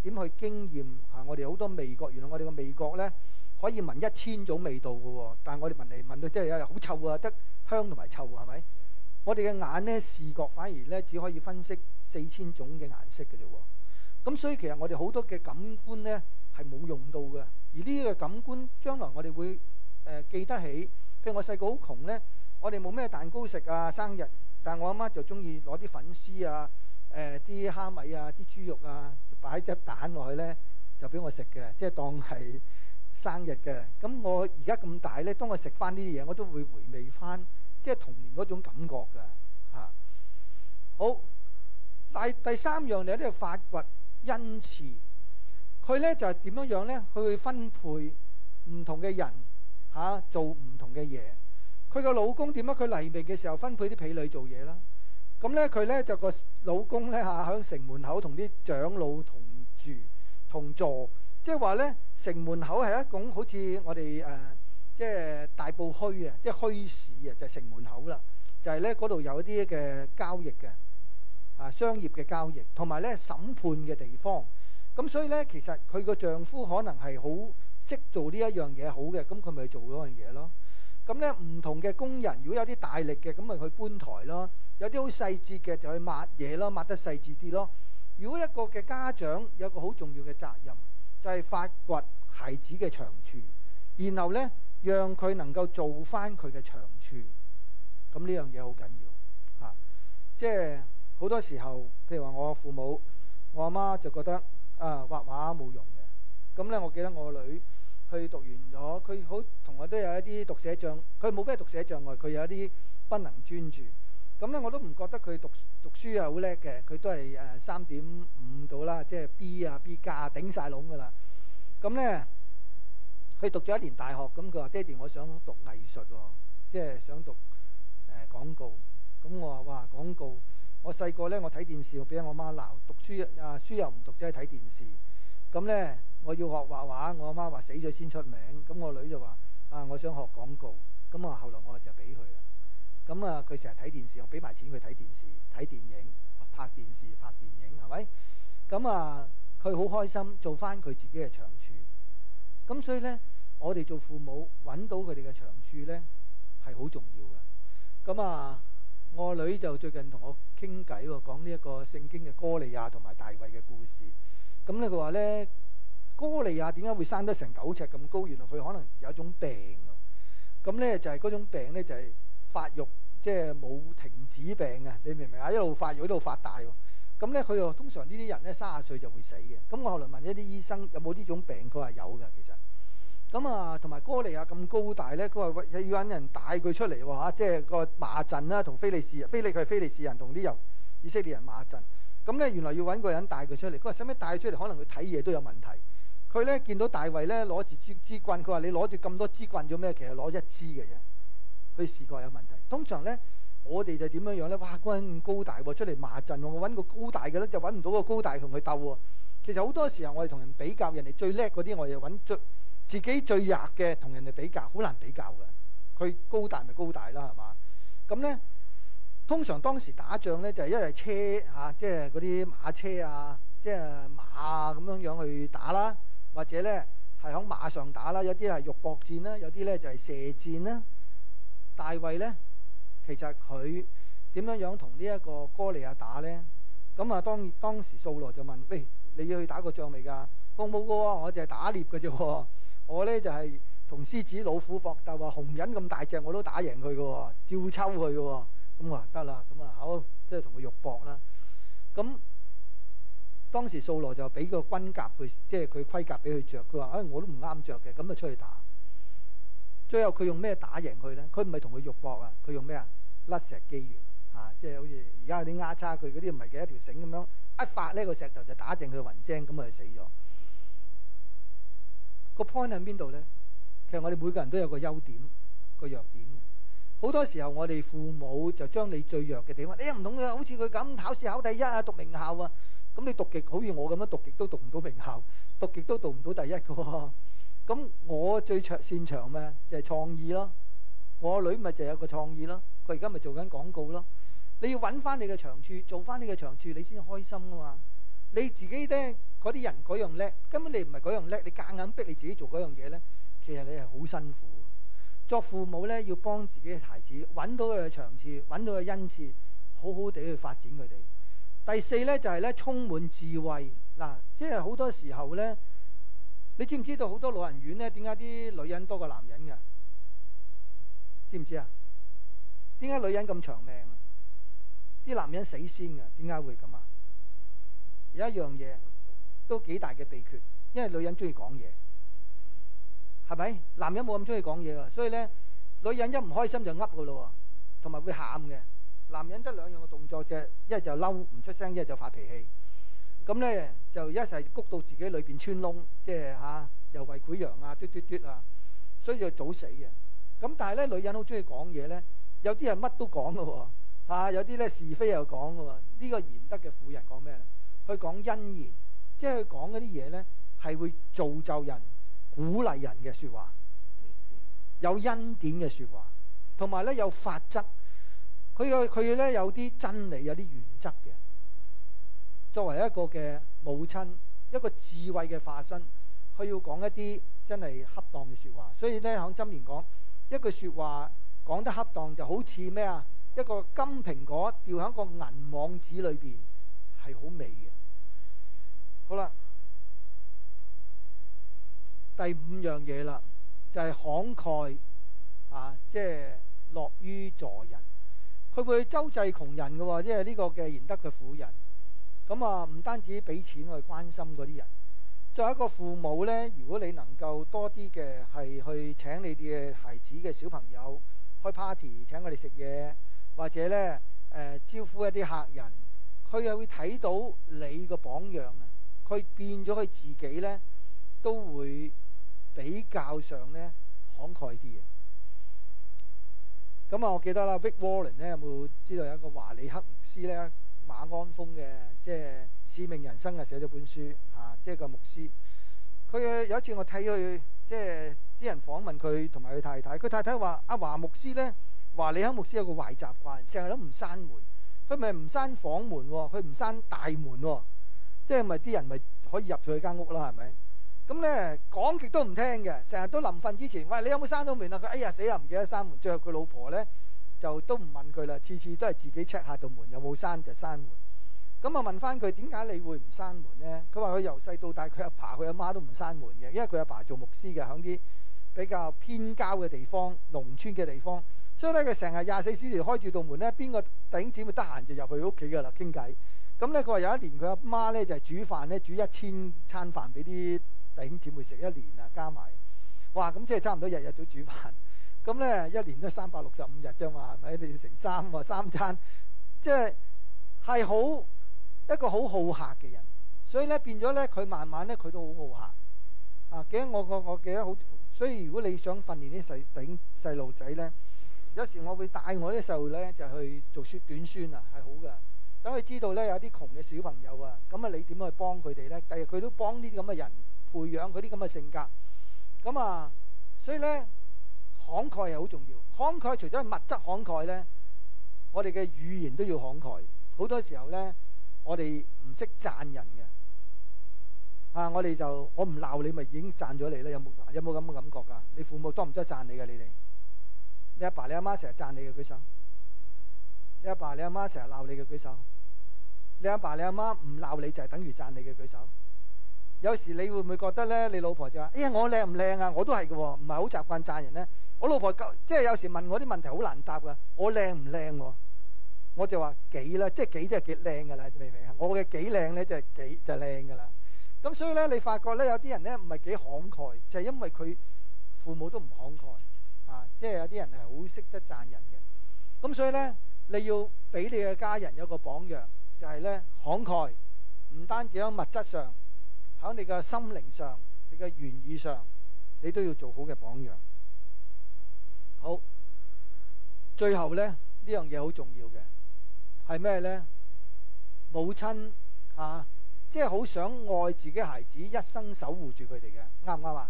點去經驗。嚇，我哋好多味覺，原來我哋嘅味覺咧可以聞一千種味道嘅喎，但係我哋聞嚟聞去即係好臭啊，得香同埋臭係咪？我哋嘅眼咧視覺反而咧只可以分析四千種嘅顏色嘅啫喎。咁所以其實我哋好多嘅感官咧係冇用到嘅，而呢個感官將來我哋會誒記得起。譬如我細個好窮咧，我哋冇咩蛋糕食啊！生日，但係我阿媽就中意攞啲粉絲啊、誒、呃、啲蝦米啊、啲豬肉啊，擺隻蛋落去咧，就俾我食嘅，即係當係生日嘅。咁我而家咁大咧，當我食翻呢啲嘢，我都會回味翻，即係童年嗰種感覺㗎嚇、啊。好，第第三樣你喺度發掘恩賜，佢咧就點、係、樣樣咧？佢會分配唔同嘅人嚇、啊、做。嘅嘢，佢個老公點解佢黎明嘅時候分配啲婢女做嘢啦。咁、嗯、咧，佢咧就個老公咧嚇喺城門口同啲長老同住同坐，即係話咧城門口係一種好似我哋誒即係大埔墟嘅，即係墟市啊，就係、是就是、城門口啦。就係咧嗰度有一啲嘅交易嘅啊，商業嘅交易，同埋咧審判嘅地方。咁、嗯、所以咧，其實佢個丈夫可能係好識、嗯、做呢一樣嘢好嘅，咁佢咪做嗰樣嘢咯。咁咧唔同嘅工人，如果有啲大力嘅，咁咪去搬台咯；有啲好細緻嘅，就去抹嘢咯，抹得細緻啲咯。如果一個嘅家長有個好重要嘅責任，就係發掘孩子嘅長處，然後呢，讓佢能夠做翻佢嘅長處，咁呢樣嘢好緊要嚇。即係好多時候，譬如話我父母，我阿媽就覺得啊畫畫冇用嘅。咁呢，我記得我女。佢讀完咗，佢好同學都有一啲讀寫障，佢冇咩讀寫障礙，佢有一啲不能專注。咁咧我都唔覺得佢讀讀書又好叻嘅，佢都係誒三點五度啦，即係 B, B 啊 B 加啊頂曬籠㗎啦。咁咧佢讀咗一年大學，咁佢話：爹哋，我想讀藝術喎、哦，即係想讀誒、呃、廣告。咁我話：哇，廣告！我細個咧，我睇電視，我俾我媽鬧，讀書啊書又唔讀，即係睇電視。咁咧。我要學畫畫，我阿媽話死咗先出名。咁我女就話啊，我想學廣告。咁、嗯、啊，後來我就俾佢啦。咁、嗯、啊，佢成日睇電視，我俾埋錢佢睇電視、睇電影、拍電視、拍電影，係咪？咁、嗯、啊，佢、嗯、好開心，做翻佢自己嘅長處。咁、嗯、所以呢，我哋做父母揾到佢哋嘅長處呢，係好重要嘅。咁、嗯、啊、嗯，我女就最近同我傾偈喎，講呢一個聖經嘅哥利亞同埋大衛嘅故事。咁、嗯、咧，佢、嗯、話呢。哥利亞點解會生得成九尺咁高？原來佢可能有一種病㗎、啊。咁、嗯、咧就係、是、嗰種病咧就係、是、發育即係冇停止病啊！你明唔明啊？一路發育一路發大喎。咁咧佢又通常呢啲人咧三十歲就會死嘅。咁、嗯、我後來問一啲醫生有冇呢種病，佢話有㗎其實。咁、嗯、啊，同埋哥利亞咁高大咧，佢話要揾人帶佢出嚟喎嚇，即、啊、係、就是、個馬陣啦，同非利士非利佢係非利士人同啲猶以色列人馬陣。咁、嗯、咧、嗯、原來要揾個人帶佢出嚟，佢話使唔使帶出嚟？可能佢睇嘢都有問題。佢咧見到大衛咧攞住支支棍，佢話：你攞住咁多支棍做咩？其實攞一支嘅啫。佢視覺有問題。通常咧，我哋就點樣樣咧？哇！嗰人咁高大喎，出嚟罵陣，我揾個高大嘅咧就揾唔到個高大同佢鬥喎。其實好多時候我哋同人比較，人哋最叻嗰啲，我哋又揾著自己最弱嘅同人哋比較，好難比較嘅。佢高大咪高大啦，係嘛？咁咧，通常當時打仗咧就係因為車嚇，即係嗰啲馬車啊，即係馬啊咁樣樣去打啦。啊或者咧係喺馬上打啦，有啲係肉搏戰啦，有啲咧就係射箭啦。大衛咧，其實佢點樣樣同呢一個哥利亞打咧？咁、嗯、啊，當當時掃羅就問：喂，你要去打過仗未㗎？我冇喎，我就係打獵嘅啫。我咧就係、是、同獅子、老虎搏鬥啊，熊人咁大隻我都打贏佢嘅喎，照抽佢嘅喎。咁話得啦，咁啊好，即係同佢肉搏啦。咁。當時掃羅就俾個軍甲佢，即係佢盔甲俾佢着。佢話，哎，我都唔啱着嘅，咁就出去打。最後佢用咩打贏佢咧？佢唔係同佢肉搏啊，佢用咩啊？甩石機弦嚇，即係好似而家啲鴨叉，佢嗰啲唔係嘅一條繩咁樣一發呢個石頭就打正佢魂精咁，咪死咗個 point 喺邊度咧？其實我哋每個人都有個優點、個弱點，好多時候我哋父母就將你最弱嘅地方，你唔懂嘅，好似佢咁考試考第一啊，讀名校啊。咁你讀極，好似我咁樣讀極都讀唔到名校，讀極都讀唔到第一個。咁 我最擅長咩？就係創意咯。我女咪就有個創意咯，佢而家咪做緊廣告咯。你要揾翻你嘅長處，做翻你嘅長處，你先開心吖嘛。你自己咧，嗰啲人嗰樣叻，根本你唔係嗰樣叻，你夾硬逼你自己做嗰樣嘢咧，其實你係好辛苦。作父母咧，要幫自己嘅孩子揾到佢嘅長處，揾到佢嘅恩賜，好好地去發展佢哋。第四咧就係、是、咧充滿智慧嗱，即係好多時候咧，你知唔知道好多老人院咧點解啲女人多過男人嘅？知唔知啊？點解女人咁長命啊？啲男人死先嘅、啊，點解會咁啊？有一樣嘢都幾大嘅秘訣，因為女人中意講嘢，係咪？男人冇咁中意講嘢啊，所以咧女人一唔開心就噏嘅咯喎，同埋會喊嘅。男人得兩樣嘅動作啫，一係就嬲唔出聲，一係就發脾氣。咁咧就一齊谷到自己裏邊穿窿，即係嚇、啊、又胃潰瘍啊、嘟、嘟嘟嘟啊，所以就早死嘅。咁、啊、但係咧，女人好中意講嘢咧，有啲係乜都講噶喎，有啲咧是非又講噶喎。呢、這個賢德嘅婦人講咩咧？佢講恩言，即係佢講嗰啲嘢咧係會造就人、鼓勵人嘅説話，有恩典嘅説話，同埋咧有法則。佢嘅佢咧有啲真理，有啲原則嘅。作為一個嘅母親，一個智慧嘅化身，佢要講一啲真係恰當嘅説話。所以咧，響箴言講一句説話講得恰當，就好似咩啊？一個金蘋果掉喺一個銀網子裏邊，係好美嘅。好啦，第五樣嘢啦，就係、是、慷慨啊，即係樂於助人。佢會周濟窮人嘅，即係呢個嘅賢德嘅婦人。咁啊，唔單止俾錢去關心嗰啲人。作為一個父母呢，如果你能夠多啲嘅係去請你哋嘅孩子嘅小朋友開 party 請佢哋食嘢，或者呢誒、呃、招呼一啲客人，佢又會睇到你個榜樣啊。佢變咗佢自己呢，都會比較上呢慷慨啲嘅。咁啊！我記得啦，Rick Warren 咧有冇知道有一個華里克牧師咧，馬鞍峯嘅即係使命人生啊，寫咗本書嚇，即係個牧師。佢有一次我睇佢即係啲人訪問佢同埋佢太太，佢太太話：阿華牧師咧華里克牧師有個壞習慣，成日都唔閂門。佢咪唔閂房門，佢唔閂大門，即係咪啲人咪可以入佢間屋啦？係咪？咁咧、嗯、講極都唔聽嘅，成日都臨瞓之前，喂，你有冇閂到門啊？佢，哎呀，死啊，唔記得閂門。最後佢老婆咧就都唔問佢啦，次次都係自己 check 下道門有冇閂就閂門。咁啊、就是嗯、問翻佢點解你會唔閂門咧？佢話佢由細到大佢阿爸佢阿媽都唔閂門嘅，因為佢阿爸，爸做牧師嘅，響啲比較偏郊嘅地方、農村嘅地方，所以咧佢成日廿四小時開住道門咧，邊個頂子咪得閒就入佢屋企㗎啦傾偈。咁咧佢話有一年佢阿媽咧就係、是、煮飯咧煮一千餐飯俾啲弟兄姊妹食一年啊，加埋哇，咁即係差唔多日日都煮飯咁咧。一年都三百六十五日啫嘛，係咪你要乘三，三餐？即係係好一個好好客嘅人，所以咧變咗咧，佢慢慢咧佢都好好客啊。記得我個我記得好，所以如果你想訓練啲細頂細路仔咧，有時我會帶我啲細路咧就去做雪短宣啊，係好噶。等佢知道咧有啲窮嘅小朋友啊，咁啊你點去幫佢哋咧？第日佢都幫呢啲咁嘅人。培養佢啲咁嘅性格，咁啊，所以咧慷慨係好重要。慷慨除咗係物質慷慨咧，我哋嘅語言都要慷慨。好多時候咧，我哋唔識讚人嘅，啊，我哋就我唔鬧你咪已經讚咗你啦？有冇有冇咁嘅感覺噶？你父母多唔多讚你嘅？你哋，你阿爸你阿媽成日讚你嘅舉手，你阿爸你阿媽成日鬧你嘅舉手，你阿爸你阿媽唔鬧你就係等於讚你嘅舉手。有時你會唔會覺得咧？你老婆就話：哎呀，我靚唔靚啊？我都係嘅喎，唔係好習慣讚人咧。我老婆即係有時問我啲問題好難答嘅。我靚唔靚喎？我就話幾啦，即係幾真係幾靚嘅啦，明唔明啊？我嘅幾靚咧，就係幾就係靚嘅啦。咁所以咧，你發覺咧有啲人咧唔係幾慷慨，就係因為佢父母都唔慷慨啊。即係有啲人係好識得讚人嘅。咁所以咧，你要俾你嘅家人有個榜樣，就係咧慷慨，唔單止喺物質上。喺你嘅心靈上，你嘅言語上，你都要做好嘅榜樣。好，最後咧呢樣嘢好重要嘅係咩咧？母親啊，即係好想愛自己孩子，一生守護住佢哋嘅，啱唔啱啊？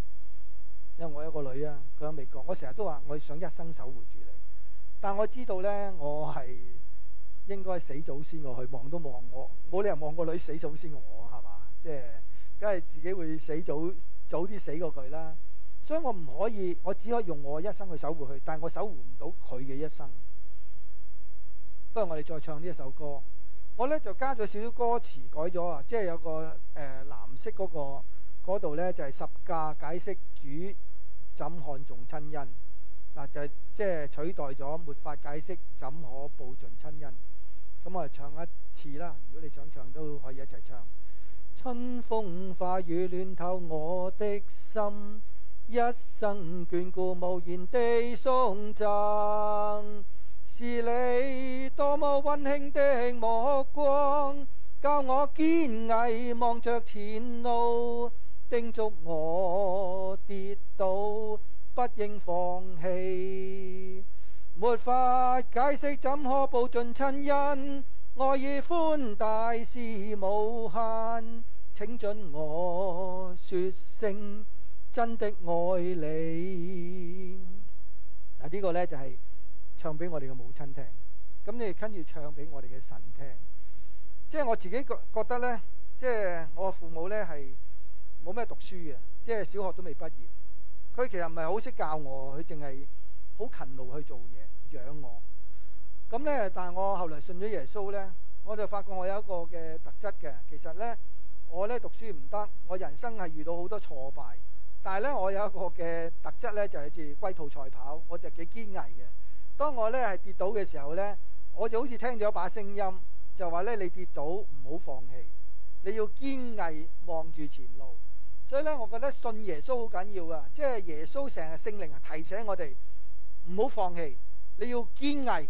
因為我有一個女啊，佢喺美國，我成日都話我想一生守護住你，但我知道咧，我係應該死早先過去看看我去望都望我冇理由望個女死早先我係嘛？即係。梗係自己會死早早啲死過佢啦，所以我唔可以，我只可以用我一生去守護佢，但係我守護唔到佢嘅一生。不如我哋再唱呢一首歌，我呢就加咗少少歌詞改咗啊，即係有個誒、呃、藍色嗰、那個嗰度呢，就係、是、十架解釋主怎看重親恩，嗱就即係、就是、取代咗沒法解釋怎可報盡親恩，咁我就唱一次啦，如果你想唱都可以一齊唱。春風化雨暖透我的心，一生眷顧無言地送贈，是你多麼溫馨的目光，教我堅毅望着前路，叮囑我跌倒不應放棄，沒法解釋怎可報盡親恩。愛意寬大是無限，請准我說聲真的愛你。嗱，呢個呢，就係唱俾我哋嘅母親聽，咁你跟住唱俾我哋嘅神聽。即係我自己覺覺得呢，即係我父母呢，係冇咩讀書嘅，即係小學都未畢業。佢其實唔係好識教我，佢淨係好勤勞去做嘢養我。咁咧，但係我後嚟信咗耶穌呢，我就發覺我有一個嘅特質嘅。其實呢，我咧讀書唔得，我人生係遇到好多挫敗。但係呢，我有一個嘅特質呢，就係、是、似龜兔賽跑，我就幾堅毅嘅。當我呢係跌倒嘅時候呢，我就好似聽咗一把聲音，就話呢：「你跌倒唔好放棄，你要堅毅望住前路。」所以呢，我覺得信耶穌好緊要啊！即係耶穌成日聖靈提醒我哋唔好放棄，你要堅毅。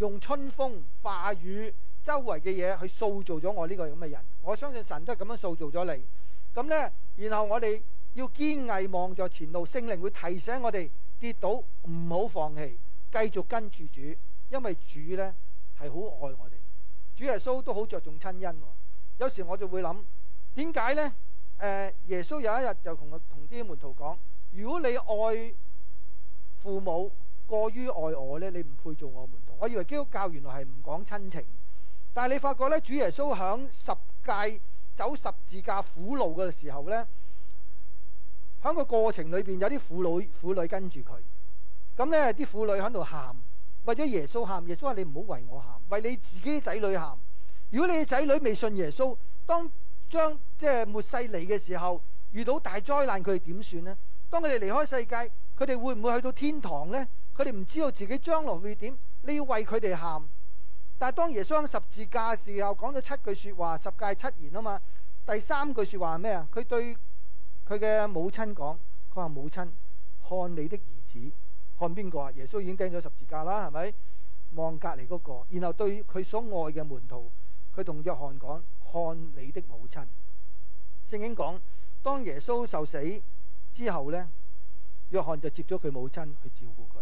用春風化雨，周圍嘅嘢去塑造咗我呢個咁嘅人。我相信神都係咁樣塑造咗你咁咧。然後我哋要堅毅望著前路，聖靈會提醒我哋跌倒唔好放棄，繼續跟住主，因為主咧，係好愛我哋。主耶穌都好着重親恩、哦、有時我就會諗點解咧？誒、呃、耶穌有一日就同同啲門徒講，如果你愛父母過於愛我咧，你唔配做我門。我以為基督教原來係唔講親情，但係你發覺咧，主耶穌響十界走十字架苦路嘅時候咧，喺個過程裏邊有啲婦女婦女跟住佢咁咧。啲婦女喺度喊，為咗耶穌喊。耶穌話：你唔好為我喊，為你自己仔女喊。如果你嘅仔女未信耶穌，當將即係末世嚟嘅時候，遇到大災難，佢哋點算咧？當佢哋離開世界，佢哋會唔會去到天堂咧？佢哋唔知道自己將來會點？你要為佢哋喊，但係當耶穌喺十字架嘅時候講咗七句說話，十戒七言啊嘛。第三句說話係咩啊？佢對佢嘅母親講，佢話母親，看你的兒子。看邊個啊？耶穌已經釘咗十字架啦，係咪？望隔籬嗰個，然後對佢所愛嘅門徒，佢同約翰講，看你的母親。聖經講，當耶穌受死之後咧，約翰就接咗佢母親去照顧佢。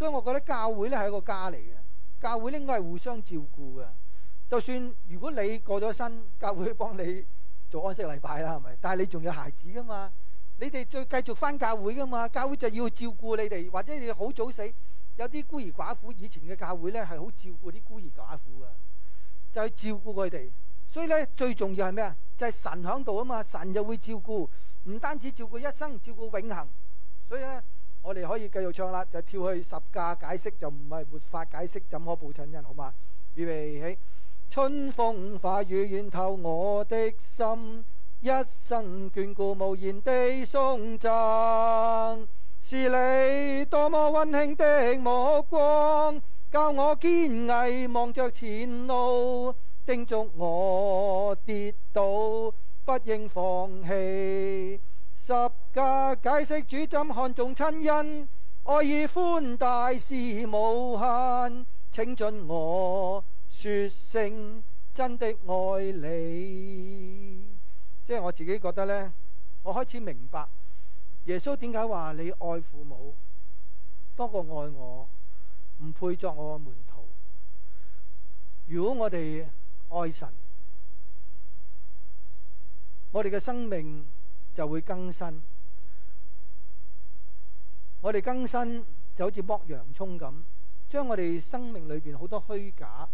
所以，我覺得教會咧係一個家嚟嘅，教會應該係互相照顧嘅。就算如果你過咗身，教會幫你做安息禮拜啦，係咪？但係你仲有孩子噶嘛？你哋再繼續返教會噶嘛？教會就要照顧你哋，或者你好早死，有啲孤兒寡婦，以前嘅教會咧係好照顧啲孤兒寡婦嘅，就去照顧佢哋。所以咧，最重要係咩啊？就係神喺度啊嘛，神就會照顧，唔單止照顧一生，照顧永恆。所以咧。我哋可以繼續唱啦，就跳去十架解釋就唔係沒法解釋，怎可報親恩？好嘛，預備起，春風化雨暖透我的心，一生眷顧無言地送贈，是你多麼溫馨的目光，教我堅毅望着前路，叮囑我跌倒不應放棄。嘅解釋主親恩，主怎看重親恩，愛意寬大是無限，請盡我說聲真的愛你。即係我自己覺得呢，我開始明白耶穌點解話你愛父母多過愛我，唔配作我嘅門徒。如果我哋愛神，我哋嘅生命就會更新。我哋更新就好似剝洋葱咁，將我哋生命裏邊好多虛假、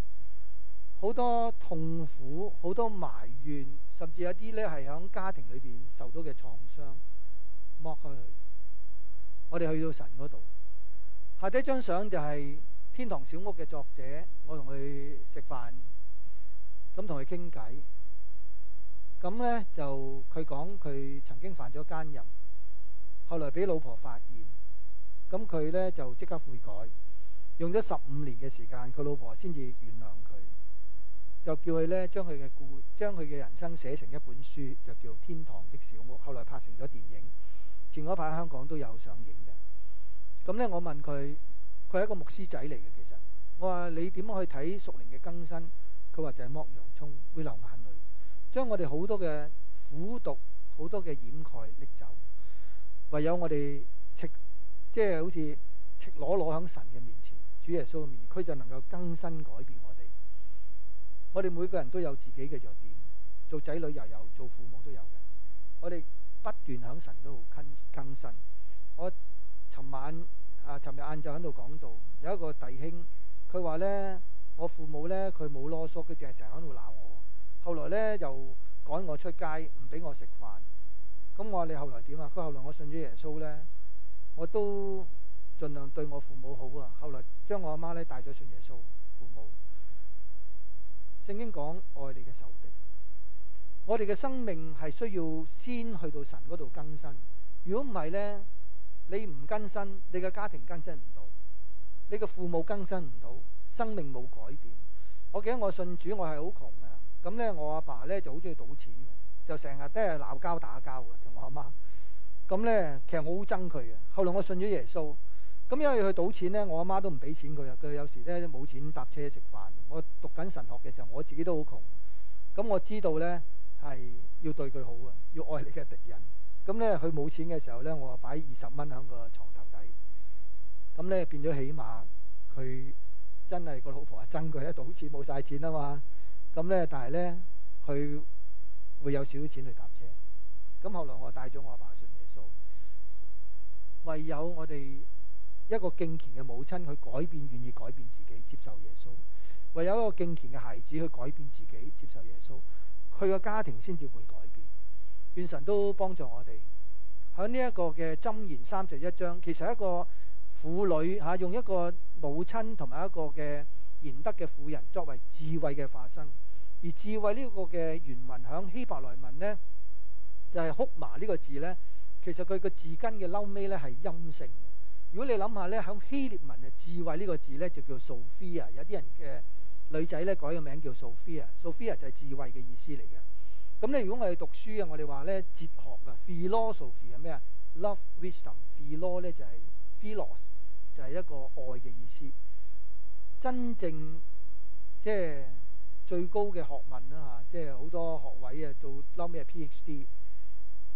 好多痛苦、好多埋怨，甚至有啲咧係響家庭裏邊受到嘅創傷，剝開佢。我哋去到神嗰度，下底一張相就係天堂小屋嘅作者，我同佢食飯，咁同佢傾偈，咁咧就佢講佢曾經犯咗奸淫，後來俾老婆發現。咁佢呢就即刻悔改，用咗十五年嘅時間，佢老婆先至原諒佢，就叫佢呢將佢嘅故將佢嘅人生寫成一本書，就叫《天堂的小屋》。後來拍成咗電影，前嗰排香港都有上映嘅。咁呢，我問佢，佢係一個牧師仔嚟嘅。其實我話你點樣去睇屬靈嘅更新？佢話就係剝洋葱會流眼淚，將我哋好多嘅苦毒，好多嘅掩蓋拎走，唯有我哋。即係好似赤裸裸喺神嘅面前，主耶穌嘅面前，佢就能夠更新改變我哋。我哋每個人都有自己嘅弱點，做仔女又有，做父母都有嘅。我哋不斷喺神度更新。我尋晚啊，尋日晏晝喺度講道，有一個弟兄，佢話咧，我父母咧佢冇囉嗦，佢淨係成日喺度鬧我。後來咧又趕我出街，唔俾我食飯。咁我話你後來點啊？佢後來我信咗耶穌咧。我都盡量對我父母好啊！後來將我阿媽咧帶咗信耶穌，父母。聖經講愛你嘅仇敵，我哋嘅生命係需要先去到神嗰度更新。如果唔係呢，你唔更新，你嘅家庭更新唔到，你嘅父母更新唔到，生命冇改變。我記得我信主我，我係好窮啊。咁呢，我阿爸呢就好中意賭錢嘅，就成日都係鬧交打交啊。同我阿媽。咁咧，其實我好憎佢嘅。後來我信咗耶穌，咁因為佢賭錢咧，我阿媽都唔俾錢佢嘅。佢有時咧冇錢搭車食飯。我讀緊神學嘅時候，我自己都好窮。咁我知道咧係要對佢好啊，要愛你嘅敵人。咁咧佢冇錢嘅時候咧，我話擺二十蚊喺個床頭底。咁咧變咗，起碼佢真係個老婆啊憎佢，一賭錢冇晒錢啦嘛。咁咧，但係咧佢會有少少錢去搭車。咁後來我帶咗我阿爸，爸。唯有我哋一個敬虔嘅母親去改變，願意改變自己，接受耶穌；唯有一個敬虔嘅孩子去改變自己，接受耶穌，佢個家庭先至會改變。願神都幫助我哋喺呢一個嘅箴言三十一章，其實一個婦女吓、啊，用一個母親同埋一個嘅賢德嘅婦人作為智慧嘅化身，而智慧呢個嘅原文響希伯來文呢，就係哭麻呢個字呢。其實佢個字根嘅後尾咧係陰性嘅。如果你諗下咧，響希臘文啊，智慧呢個字咧就叫 Sophia。有啲人嘅女仔咧改個名叫 Sophia。Sophia 就係智慧嘅意思嚟嘅。咁咧，如果我哋讀書嘅，我哋話咧哲學啊，philosophy 係咩啊？Love wisdom。philosoph 咧就係 philos，就係一個愛嘅意思。真正即係最高嘅學問啦吓，即係好多學位啊，到後尾係 PhD。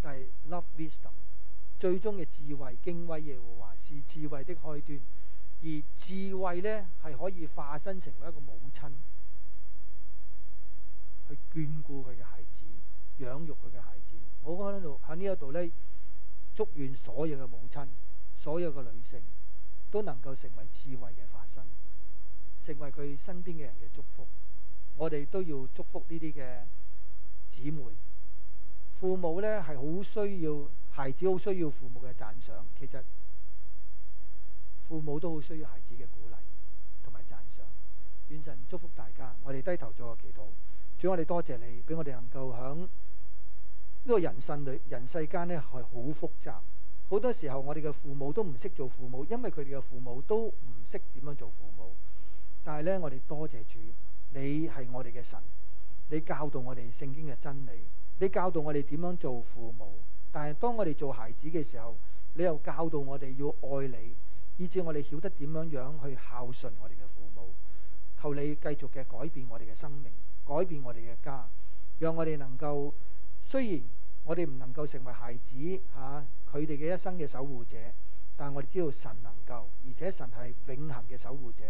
但係 love wisdom 最終嘅智慧，敬畏耶和華是智慧的開端，而智慧咧係可以化身成為一個母親，去眷顧佢嘅孩子，養育佢嘅孩子。我喺呢度喺呢一度咧，祝願所有嘅母親，所有嘅女性都能夠成為智慧嘅化身，成為佢身邊嘅人嘅祝福。我哋都要祝福呢啲嘅姊妹。父母呢係好需要孩子，好需要父母嘅讚賞。其實父母都好需要孩子嘅鼓勵同埋讚賞。願神祝福大家，我哋低頭做個祈禱。主，我哋多謝你，俾我哋能夠響呢個人生裏、人世間呢係好複雜。好多時候我哋嘅父母都唔識做父母，因為佢哋嘅父母都唔識點樣做父母。但係呢，我哋多謝主，你係我哋嘅神，你教導我哋聖經嘅真理。你教導我哋點樣做父母，但係當我哋做孩子嘅時候，你又教導我哋要愛你，以致我哋曉得點樣樣去孝順我哋嘅父母。求你繼續嘅改變我哋嘅生命，改變我哋嘅家，讓我哋能夠雖然我哋唔能夠成為孩子吓佢哋嘅一生嘅守護者，但係我哋知道神能夠，而且神係永恆嘅守護者。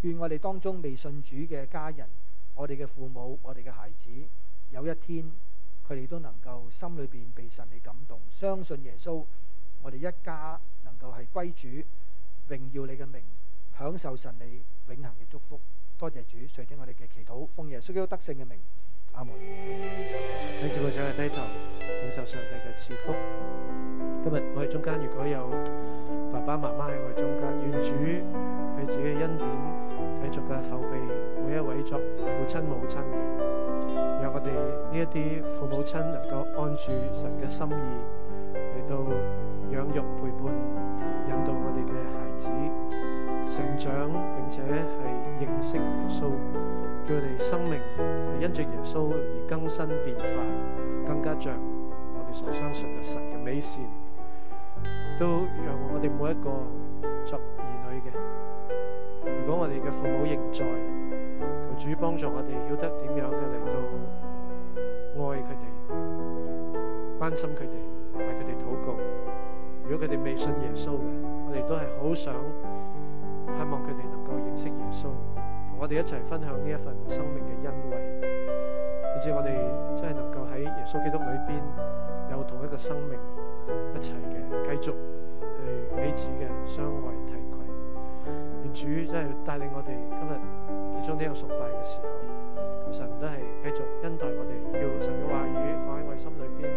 願我哋當中未信主嘅家人、我哋嘅父母、我哋嘅孩子，有一天。佢哋都能夠心裏邊被神你感動，相信耶穌，我哋一家能夠係歸主，榮耀你嘅名，享受神你永恆嘅祝福。多謝主，垂聽我哋嘅祈禱，奉耶穌基督得勝嘅名，阿門。你全部上去低頭，享受上帝嘅賜福。今日我哋中間如果有爸爸媽媽喺我哋中間，願主佢自己嘅恩典繼續嘅服備每一位作父親母親。我哋呢一啲父母親能夠按住神嘅心意嚟到養育陪伴，引導我哋嘅孩子成長，並且係認識耶穌，叫佢哋生命係因住耶穌而更新變化，更加像我哋所相信嘅神嘅美善，都讓我哋每一個作兒女嘅，如果我哋嘅父母仍在，求主幫助我哋曉得點樣嘅令到愛佢哋，關心佢哋，為佢哋禱告。如果佢哋未信耶穌嘅，我哋都係好想，盼望佢哋能夠認識耶穌，同我哋一齊分享呢一份生命嘅恩惠。以致我哋真係能夠喺耶穌基督裏邊有同一個生命一，一齊嘅繼續去彼此嘅相愛提携。願主真係帶領我哋今日結束呢個崇拜嘅時候。神都係繼續恩待我哋，叫神嘅話語放喺我哋心裏邊，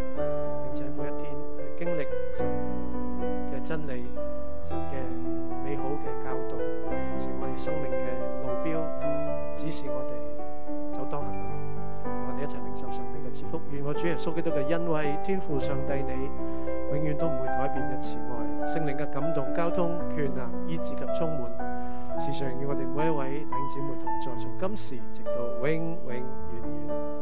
並且每一天去經歷神嘅真理、神嘅美好嘅教導，成我哋生命嘅路標，指示我哋走當行路。我哋一齊領受上帝嘅賜福。願我主耶穌基督嘅恩惠、天父上帝你永遠都唔會改變嘅慈愛、聖靈嘅感動、交通、權能、醫治及充滿。時常與我哋每一位弟兄姊妹同在，從今時直到永永遠遠。